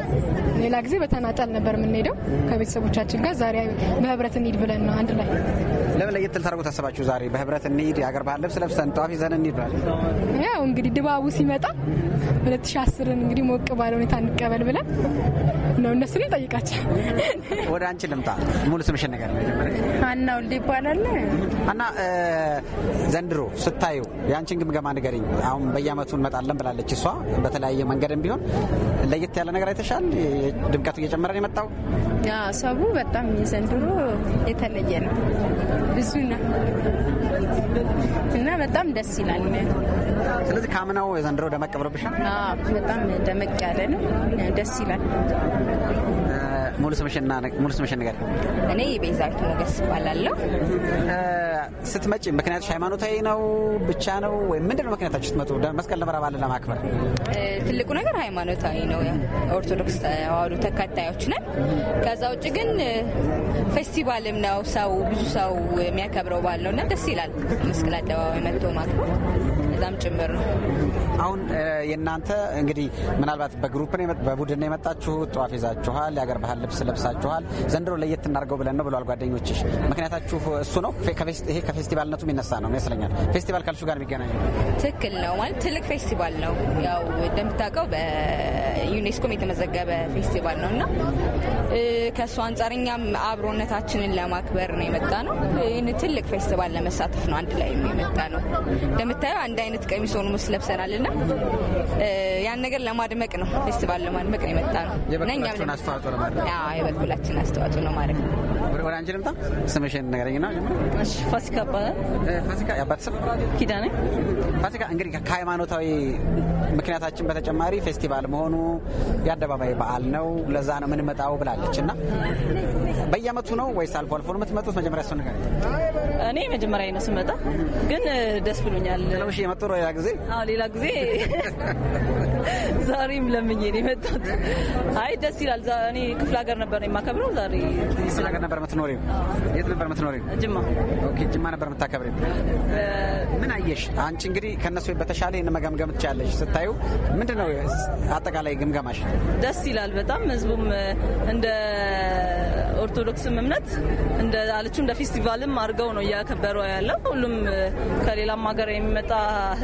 ሌላ ጊዜ በተናጠል ነበር የምንሄደው ከቤተሰቦቻችን ጋር። ዛሬ በህብረት እንሂድ ብለን ነው አንድ ላይ። ለምን ለየት ልታደርጉ ታስባችሁ? ዛሬ በህብረት እንሂድ፣ የሀገር ባህል ልብስ ለብሰን ጠዋፍ ይዘን እንሂድ ብላል። ያው እንግዲህ ድባቡ ሲመጣ 2010 እንግዲህ ሞቅ ባለ ሁኔታ እንቀበል ብለን ነው እነሱን ጠይቃቸው። ወደ አንቺ ልምጣ። ሙሉ ስምሽን ነገር ነው ወልድ ይባላል እና ዘንድሮ ስታዩ የአንቺን ግምገማ ንገሪኝ። አሁን በየአመቱ እንመጣለን ብላለች እሷ በተለያየ መንገድም ቢሆን ለየት ያለ ነገር አይተሻል? ድምቀቱ እየጨመረ ነው የመጣው። ሰቡ በጣም ዘንድሮ የተለየ ነው፣ ብዙ ነው እና በጣም ደስ ይላል። ስለዚህ ከአምናው የዘንድሮ ደመቅ ብሎብሻል። በጣም ደመቅ ያለ ነው፣ ደስ ይላል። ሙሉ ስምሽ ንገሪ። እኔ ቤዛዊት ሞገስ እባላለሁ። ስትመጪ ምክንያቶች ሃይማኖታዊ ነው ብቻ ነው ወይም ምንድን ነው ምክንያታችሁ ስትመጡ መስቀል ደመራ በዓልን ለማክበር? ትልቁ ነገር ሃይማኖታዊ ነው። ኦርቶዶክስ ተዋህዶ ተከታዮች ነን። ከዛ ውጭ ግን ፌስቲቫልም ነው። ሰው ብዙ ሰው የሚያከብረው በዓል ነው እና ደስ ይላል መስቀል አደባባይ መጥቶ ማክበር ለዛም ጭምር ነው። አሁን የእናንተ እንግዲህ ምናልባት በግሩፕ በቡድን የመጣችሁ ጠዋፍ ይዛችኋል፣ የአገር ባህል ልብስ ለብሳችኋል። ዘንድሮ ለየት እናድርገው ብለን ነው ብለዋል ጓደኞችሽ። ምክንያታችሁ እሱ ነው? ይሄ ከፌስቲቫልነቱ የሚነሳ ነው ይመስለኛል። ፌስቲቫል ካልሹ ጋር የሚገናኝ ትክክል ነው ማለት ትልቅ ፌስቲቫል ነው። ያው እንደምታውቀው በዩኔስኮም የተመዘገበ ፌስቲቫል ነው እና ከእሱ አንጻር እኛም አብሮነታችንን ለማክበር ነው የመጣ ነው። ይህን ትልቅ ፌስቲቫል ለመሳተፍ ነው አንድ ላይ የመጣ ነው። እንደምታየው አንድ አይነት አይነት ቀሚስ ሆኖ ምስ ለብሰናል እና ያን ነገር ለማድመቅ ነው ፌስቲቫል ለማድመቅ ነው የመጣ ነው የበኩላችን አስተዋጽኦ ነው ማድረግ ነው። ወደ አንቺ ልምጣ። ስምሽን ንገረኝና ፋሲካ ይባላል። ፋሲካ ያባት ስም ኪዳነ። ፋሲካ እንግዲህ ከሃይማኖታዊ ምክንያታችን በተጨማሪ ፌስቲቫል መሆኑ የአደባባይ በዓል ነው፣ ለዛ ነው የምንመጣው ብላለች እና በየአመቱ ነው ወይስ አልፎ አልፎ ነው የምትመጡት? መጀመሪያ እሱን ንገረኝ። እኔ መጀመሪያ ነው ስመጣ፣ ግን ደስ ብሎኛል። ለምሽ የመጡ ሌላ ጊዜ ሌላ ጊዜ ዛሬም ለምኜ ነው የመጣሁት። አይ ደስ ይላል። እኔ ክፍለ ሀገር ነበር የማከብረው ዛሬ ክፍለ ሀገር ነበር የምትኖሪው? የት ነበር የምትኖሪው? ጅማ። ኦኬ፣ ጅማ ነበር የምታከብሪው። ምን አየሽ አንቺ? እንግዲህ ከነሱ በተሻለ ይህን መገምገም ትችያለሽ። ስታዩ ምንድን ነው አጠቃላይ ግምገማሽ? ደስ ይላል በጣም ህዝቡም እንደ ኦርቶዶክስም እምነት እንደ አለችው እንደ ፌስቲቫልም አድርገው ነው እያከበረው ያለው። ሁሉም ከሌላም ሀገር የሚመጣ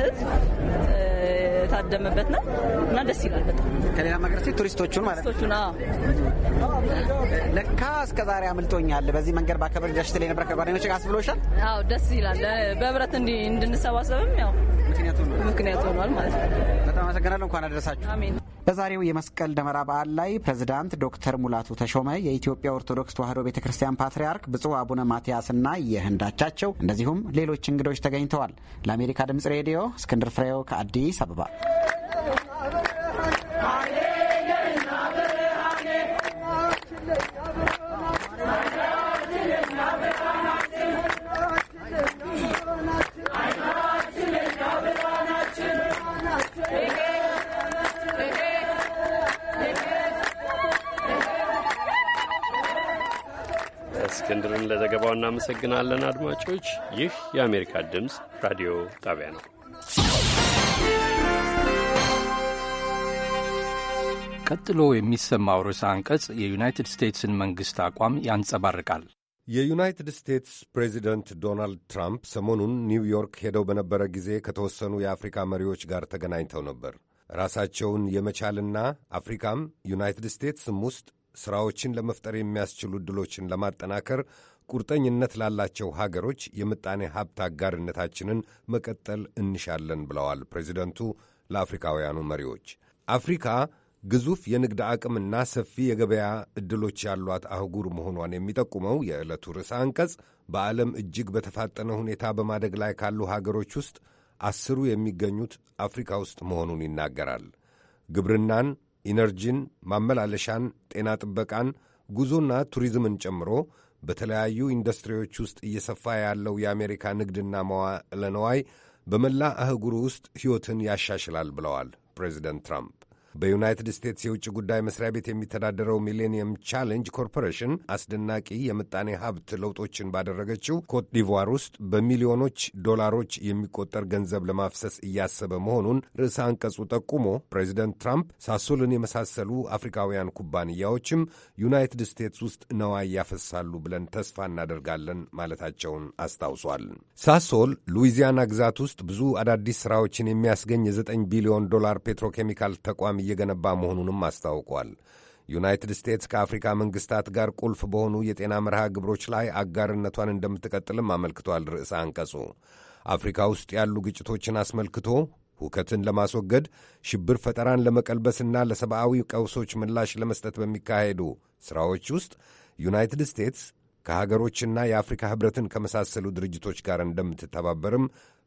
ህዝብ የታደመበት ነው እና ደስ ይላል በጣም ከሌላ ሀገር ቱሪስቶቹን ማለት ነው። ለካ እስከ ዛሬ አምልጦኛል። በዚህ መንገድ በአካባቢ ደሽ ላይ ነበር ከጓደኞች ጋር አስብሎሻል? አዎ ደስ ይላል። በህብረት እንዲ እንድንሰባሰብም ያው ምክንያቱ ሆኗል ማለት ነው። በጣም አመሰግናለሁ። እንኳን አደረሳችሁ። አሜን። በዛሬው የመስቀል ደመራ በዓል ላይ ፕሬዝዳንት ዶክተር ሙላቱ ተሾመ የኢትዮጵያ ኦርቶዶክስ ተዋሕዶ ቤተ ክርስቲያን ፓትርያርክ ብፁዕ አቡነ ማትያስና የህንዳቻቸው እንደዚሁም ሌሎች እንግዶች ተገኝተዋል። ለአሜሪካ ድምጽ ሬዲዮ እስክንድር ፍሬው ከአዲስ አበባ እስክንድርን ለዘገባው እናመሰግናለን። አድማጮች፣ ይህ የአሜሪካ ድምፅ ራዲዮ ጣቢያ ነው። ቀጥሎ የሚሰማው ርዕሰ አንቀጽ የዩናይትድ ስቴትስን መንግሥት አቋም ያንጸባርቃል። የዩናይትድ ስቴትስ ፕሬዚደንት ዶናልድ ትራምፕ ሰሞኑን ኒውዮርክ ሄደው በነበረ ጊዜ ከተወሰኑ የአፍሪካ መሪዎች ጋር ተገናኝተው ነበር። ራሳቸውን የመቻልና አፍሪካም ዩናይትድ ስቴትስም ውስጥ ሥራዎችን ለመፍጠር የሚያስችሉ ዕድሎችን ለማጠናከር ቁርጠኝነት ላላቸው ሀገሮች የምጣኔ ሀብት አጋርነታችንን መቀጠል እንሻለን ብለዋል ፕሬዚደንቱ ለአፍሪካውያኑ መሪዎች አፍሪካ ግዙፍ የንግድ አቅምና ሰፊ የገበያ ዕድሎች ያሏት አህጉር መሆኗን የሚጠቁመው የዕለቱ ርዕሰ አንቀጽ በዓለም እጅግ በተፋጠነ ሁኔታ በማደግ ላይ ካሉ ሀገሮች ውስጥ አስሩ የሚገኙት አፍሪካ ውስጥ መሆኑን ይናገራል። ግብርናን፣ ኢነርጂን፣ ማመላለሻን፣ ጤና ጥበቃን፣ ጉዞና ቱሪዝምን ጨምሮ በተለያዩ ኢንዱስትሪዎች ውስጥ እየሰፋ ያለው የአሜሪካ ንግድና መዋዕለ ነዋይ በመላ አህጉር ውስጥ ሕይወትን ያሻሽላል ብለዋል ፕሬዚደንት ትራምፕ። በዩናይትድ ስቴትስ የውጭ ጉዳይ መስሪያ ቤት የሚተዳደረው ሚሌኒየም ቻሌንጅ ኮርፖሬሽን አስደናቂ የምጣኔ ሀብት ለውጦችን ባደረገችው ኮት ዲቯር ውስጥ በሚሊዮኖች ዶላሮች የሚቆጠር ገንዘብ ለማፍሰስ እያሰበ መሆኑን ርዕሰ አንቀጹ ጠቁሞ ፕሬዚደንት ትራምፕ ሳሶልን የመሳሰሉ አፍሪካውያን ኩባንያዎችም ዩናይትድ ስቴትስ ውስጥ ነዋይ ያፈሳሉ ብለን ተስፋ እናደርጋለን ማለታቸውን አስታውሷል። ሳሶል ሉዊዚያና ግዛት ውስጥ ብዙ አዳዲስ ሥራዎችን የሚያስገኝ የዘጠኝ ቢሊዮን ዶላር ፔትሮኬሚካል ተቋም እየገነባ መሆኑንም አስታውቋል። ዩናይትድ ስቴትስ ከአፍሪካ መንግስታት ጋር ቁልፍ በሆኑ የጤና መርሃ ግብሮች ላይ አጋርነቷን እንደምትቀጥልም አመልክቷል። ርዕሰ አንቀጹ አፍሪካ ውስጥ ያሉ ግጭቶችን አስመልክቶ ሁከትን ለማስወገድ ሽብር ፈጠራን ለመቀልበስና ለሰብአዊ ቀውሶች ምላሽ ለመስጠት በሚካሄዱ ሥራዎች ውስጥ ዩናይትድ ስቴትስ ከሀገሮችና የአፍሪካ ኅብረትን ከመሳሰሉ ድርጅቶች ጋር እንደምትተባበርም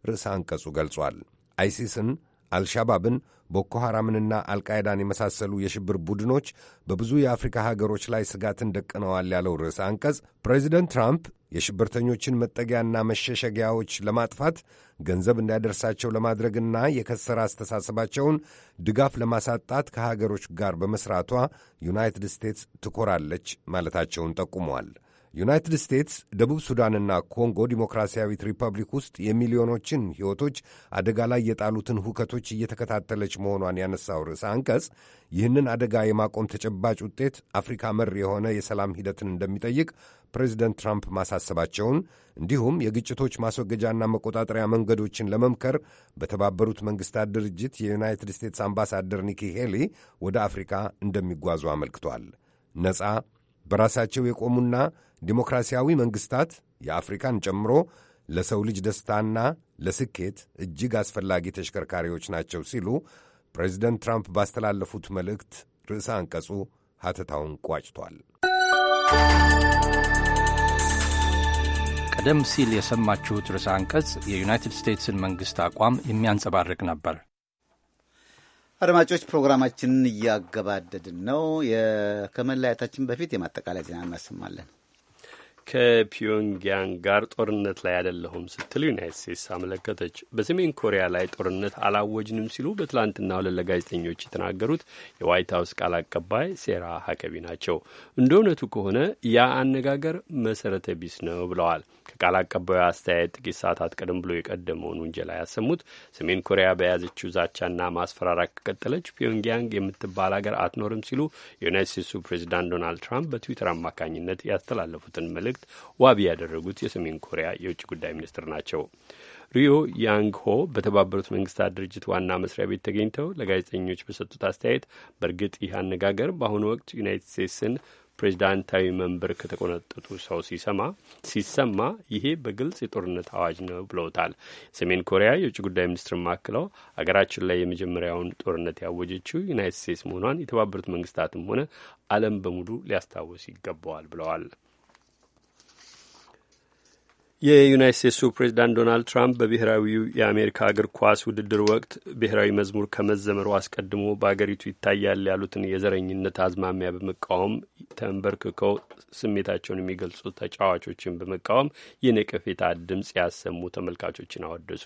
ርዕሰ አንቀጹ ገልጿል። አይሲስን፣ አልሻባብን ቦኮ ሐራምንና አልቃይዳን የመሳሰሉ የሽብር ቡድኖች በብዙ የአፍሪካ ሀገሮች ላይ ስጋትን ደቅነዋል ያለው ርዕሰ አንቀጽ ፕሬዚደንት ትራምፕ የሽብርተኞችን መጠጊያና መሸሸጊያዎች ለማጥፋት ገንዘብ እንዳይደርሳቸው ለማድረግና የከሰረ አስተሳሰባቸውን ድጋፍ ለማሳጣት ከሀገሮች ጋር በመስራቷ ዩናይትድ ስቴትስ ትኮራለች ማለታቸውን ጠቁመዋል። ዩናይትድ ስቴትስ ደቡብ ሱዳንና ኮንጎ ዲሞክራሲያዊት ሪፐብሊክ ውስጥ የሚሊዮኖችን ሕይወቶች አደጋ ላይ የጣሉትን ሁከቶች እየተከታተለች መሆኗን ያነሳው ርዕሰ አንቀጽ ይህንን አደጋ የማቆም ተጨባጭ ውጤት አፍሪካ መር የሆነ የሰላም ሂደትን እንደሚጠይቅ ፕሬዚደንት ትራምፕ ማሳሰባቸውን እንዲሁም የግጭቶች ማስወገጃና መቆጣጠሪያ መንገዶችን ለመምከር በተባበሩት መንግስታት ድርጅት የዩናይትድ ስቴትስ አምባሳደር ኒኪ ሄሊ ወደ አፍሪካ እንደሚጓዙ አመልክቷል። ነጻ በራሳቸው የቆሙና ዲሞክራሲያዊ መንግሥታት የአፍሪካን ጨምሮ ለሰው ልጅ ደስታና ለስኬት እጅግ አስፈላጊ ተሽከርካሪዎች ናቸው ሲሉ ፕሬዚደንት ትራምፕ ባስተላለፉት መልእክት ርዕሰ አንቀጹ ሐተታውን ቋጭቷል። ቀደም ሲል የሰማችሁት ርዕሰ አንቀጽ የዩናይትድ ስቴትስን መንግሥት አቋም የሚያንጸባርቅ ነበር። አድማጮች፣ ፕሮግራማችንን እያገባደድን ነው። ከመለያየታችን በፊት የማጠቃለያ ዜና እናሰማለን። ከፒዮንግያንግ ጋር ጦርነት ላይ አይደለሁም ስትል ዩናይት ስቴትስ አመለከተች። በሰሜን ኮሪያ ላይ ጦርነት አላወጅንም ሲሉ በትላንትናው ዕለት ለጋዜጠኞች የተናገሩት የዋይት ሀውስ ቃል አቀባይ ሴራ ሀከቢ ናቸው። እንደ እውነቱ ከሆነ ያ አነጋገር መሰረተ ቢስ ነው ብለዋል። ከቃል አቀባዩ አስተያየት ጥቂት ሰዓታት ቀደም ብሎ የቀደመውን ውንጀላ ያሰሙት ሰሜን ኮሪያ በያዘችው ዛቻና ማስፈራራ ከቀጠለች ፒዮንግያንግ የምትባል ሀገር አትኖርም ሲሉ የዩናይት ስቴትሱ ፕሬዚዳንት ዶናልድ ትራምፕ በትዊተር አማካኝነት ያስተላለፉትን መልእክት ዋቢ ያደረጉት የሰሜን ኮሪያ የውጭ ጉዳይ ሚኒስትር ናቸው። ሪዮ ያንግ ሆ በተባበሩት መንግስታት ድርጅት ዋና መስሪያ ቤት ተገኝተው ለጋዜጠኞች በሰጡት አስተያየት በእርግጥ ይህ አነጋገር በአሁኑ ወቅት ዩናይትድ ስቴትስን ፕሬዚዳንታዊ መንበር ከተቆነጠጡ ሰው ሲሰማ ሲሰማ ይሄ በግልጽ የጦርነት አዋጅ ነው ብለውታል። ሰሜን ኮሪያ የውጭ ጉዳይ ሚኒስትር ማክለው ሀገራችን ላይ የመጀመሪያውን ጦርነት ያወጀችው ዩናይትድ ስቴትስ መሆኗን የተባበሩት መንግስታትም ሆነ ዓለም በሙሉ ሊያስታውስ ይገባዋል ብለዋል። የዩናይት ስቴትሱ ፕሬዚዳንት ዶናልድ ትራምፕ በብሔራዊው የአሜሪካ እግር ኳስ ውድድር ወቅት ብሔራዊ መዝሙር ከመዘመሩ አስቀድሞ በአገሪቱ ይታያል ያሉትን የዘረኝነት አዝማሚያ በመቃወም ተንበርክከው ስሜታቸውን የሚገልጹ ተጫዋቾችን በመቃወም የነቀፌታ ድምፅ ያሰሙ ተመልካቾችን አወደሱ።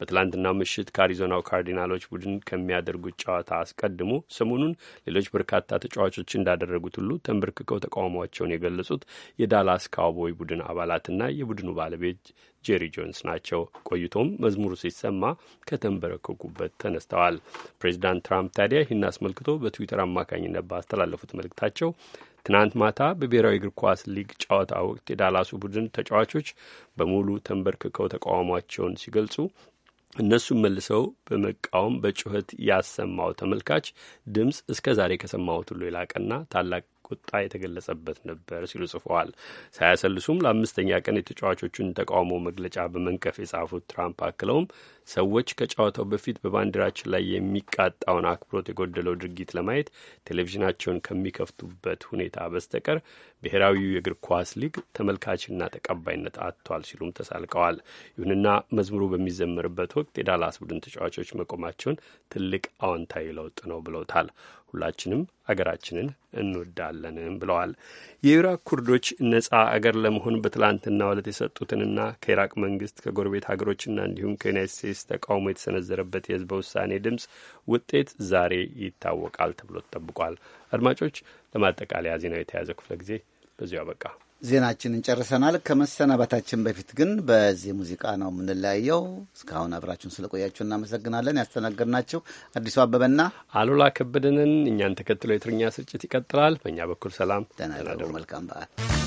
በትላንትናው ምሽት ከአሪዞናው ካርዲናሎች ቡድን ከሚያደርጉት ጨዋታ አስቀድሞ ሰሞኑን ሌሎች በርካታ ተጫዋቾች እንዳደረጉት ሁሉ ተንበርክከው ተቃውሟቸውን የገለጹት የዳላስ ካውቦይ ቡድን አባላትና የቡድኑ ባ ባለቤት ጄሪ ጆንስ ናቸው። ቆይቶም መዝሙሩ ሲሰማ ከተንበረከኩበት ተነስተዋል። ፕሬዚዳንት ትራምፕ ታዲያ ይህን አስመልክቶ በትዊተር አማካኝነት ባስተላለፉት መልእክታቸው ትናንት ማታ በብሔራዊ እግር ኳስ ሊግ ጨዋታ ወቅት የዳላሱ ቡድን ተጫዋቾች በሙሉ ተንበርክከው ተቃውሟቸውን ሲገልጹ እነሱን መልሰው በመቃወም በጩኸት ያሰማው ተመልካች ድምፅ እስከ ዛሬ ከሰማሁት ሁሉ የላቀና ታላቅ ቁጣ የተገለጸበት ነበር ሲሉ ጽፈዋል። ሳያሰልሱም ለአምስተኛ ቀን የተጫዋቾቹን ተቃውሞ መግለጫ በመንቀፍ የጻፉት ትራምፕ አክለውም ሰዎች ከጨዋታው በፊት በባንዲራችን ላይ የሚቃጣውን አክብሮት የጎደለው ድርጊት ለማየት ቴሌቪዥናቸውን ከሚከፍቱበት ሁኔታ በስተቀር ብሔራዊው የእግር ኳስ ሊግ ተመልካችና ተቀባይነት አጥቷል ሲሉም ተሳልቀዋል። ይሁንና መዝሙሩ በሚዘመርበት ወቅት የዳላስ ቡድን ተጫዋቾች መቆማቸውን ትልቅ አዎንታዊ ለውጥ ነው ብለውታል። ሁላችንም አገራችንን እንወዳለንም ብለዋል። የኢራቅ ኩርዶች ነጻ አገር ለመሆን በትላንትና ዕለት የሰጡትንና ከኢራቅ መንግስት ከጎረቤት ሀገሮችና እንዲሁም ከዩናይት መንግስት ተቃውሞ የተሰነዘረበት የህዝበ ውሳኔ ድምፅ ውጤት ዛሬ ይታወቃል ተብሎ ተጠብቋል። አድማጮች፣ ለማጠቃለያ ዜናው የተያዘ ክፍለ ጊዜ በዚሁ አበቃ። ዜናችንን ጨርሰናል። ከመሰናበታችን በፊት ግን በዚህ ሙዚቃ ነው የምንለያየው። እስካሁን አብራችሁን ስለቆያችሁ እናመሰግናለን። ያስተናገድናችሁ አዲሱ አበበና አሉላ ከበደንን። እኛን ተከትሎ የትርኛ ስርጭት ይቀጥላል። በእኛ በኩል ሰላም፣ ደህና መልካም በዓል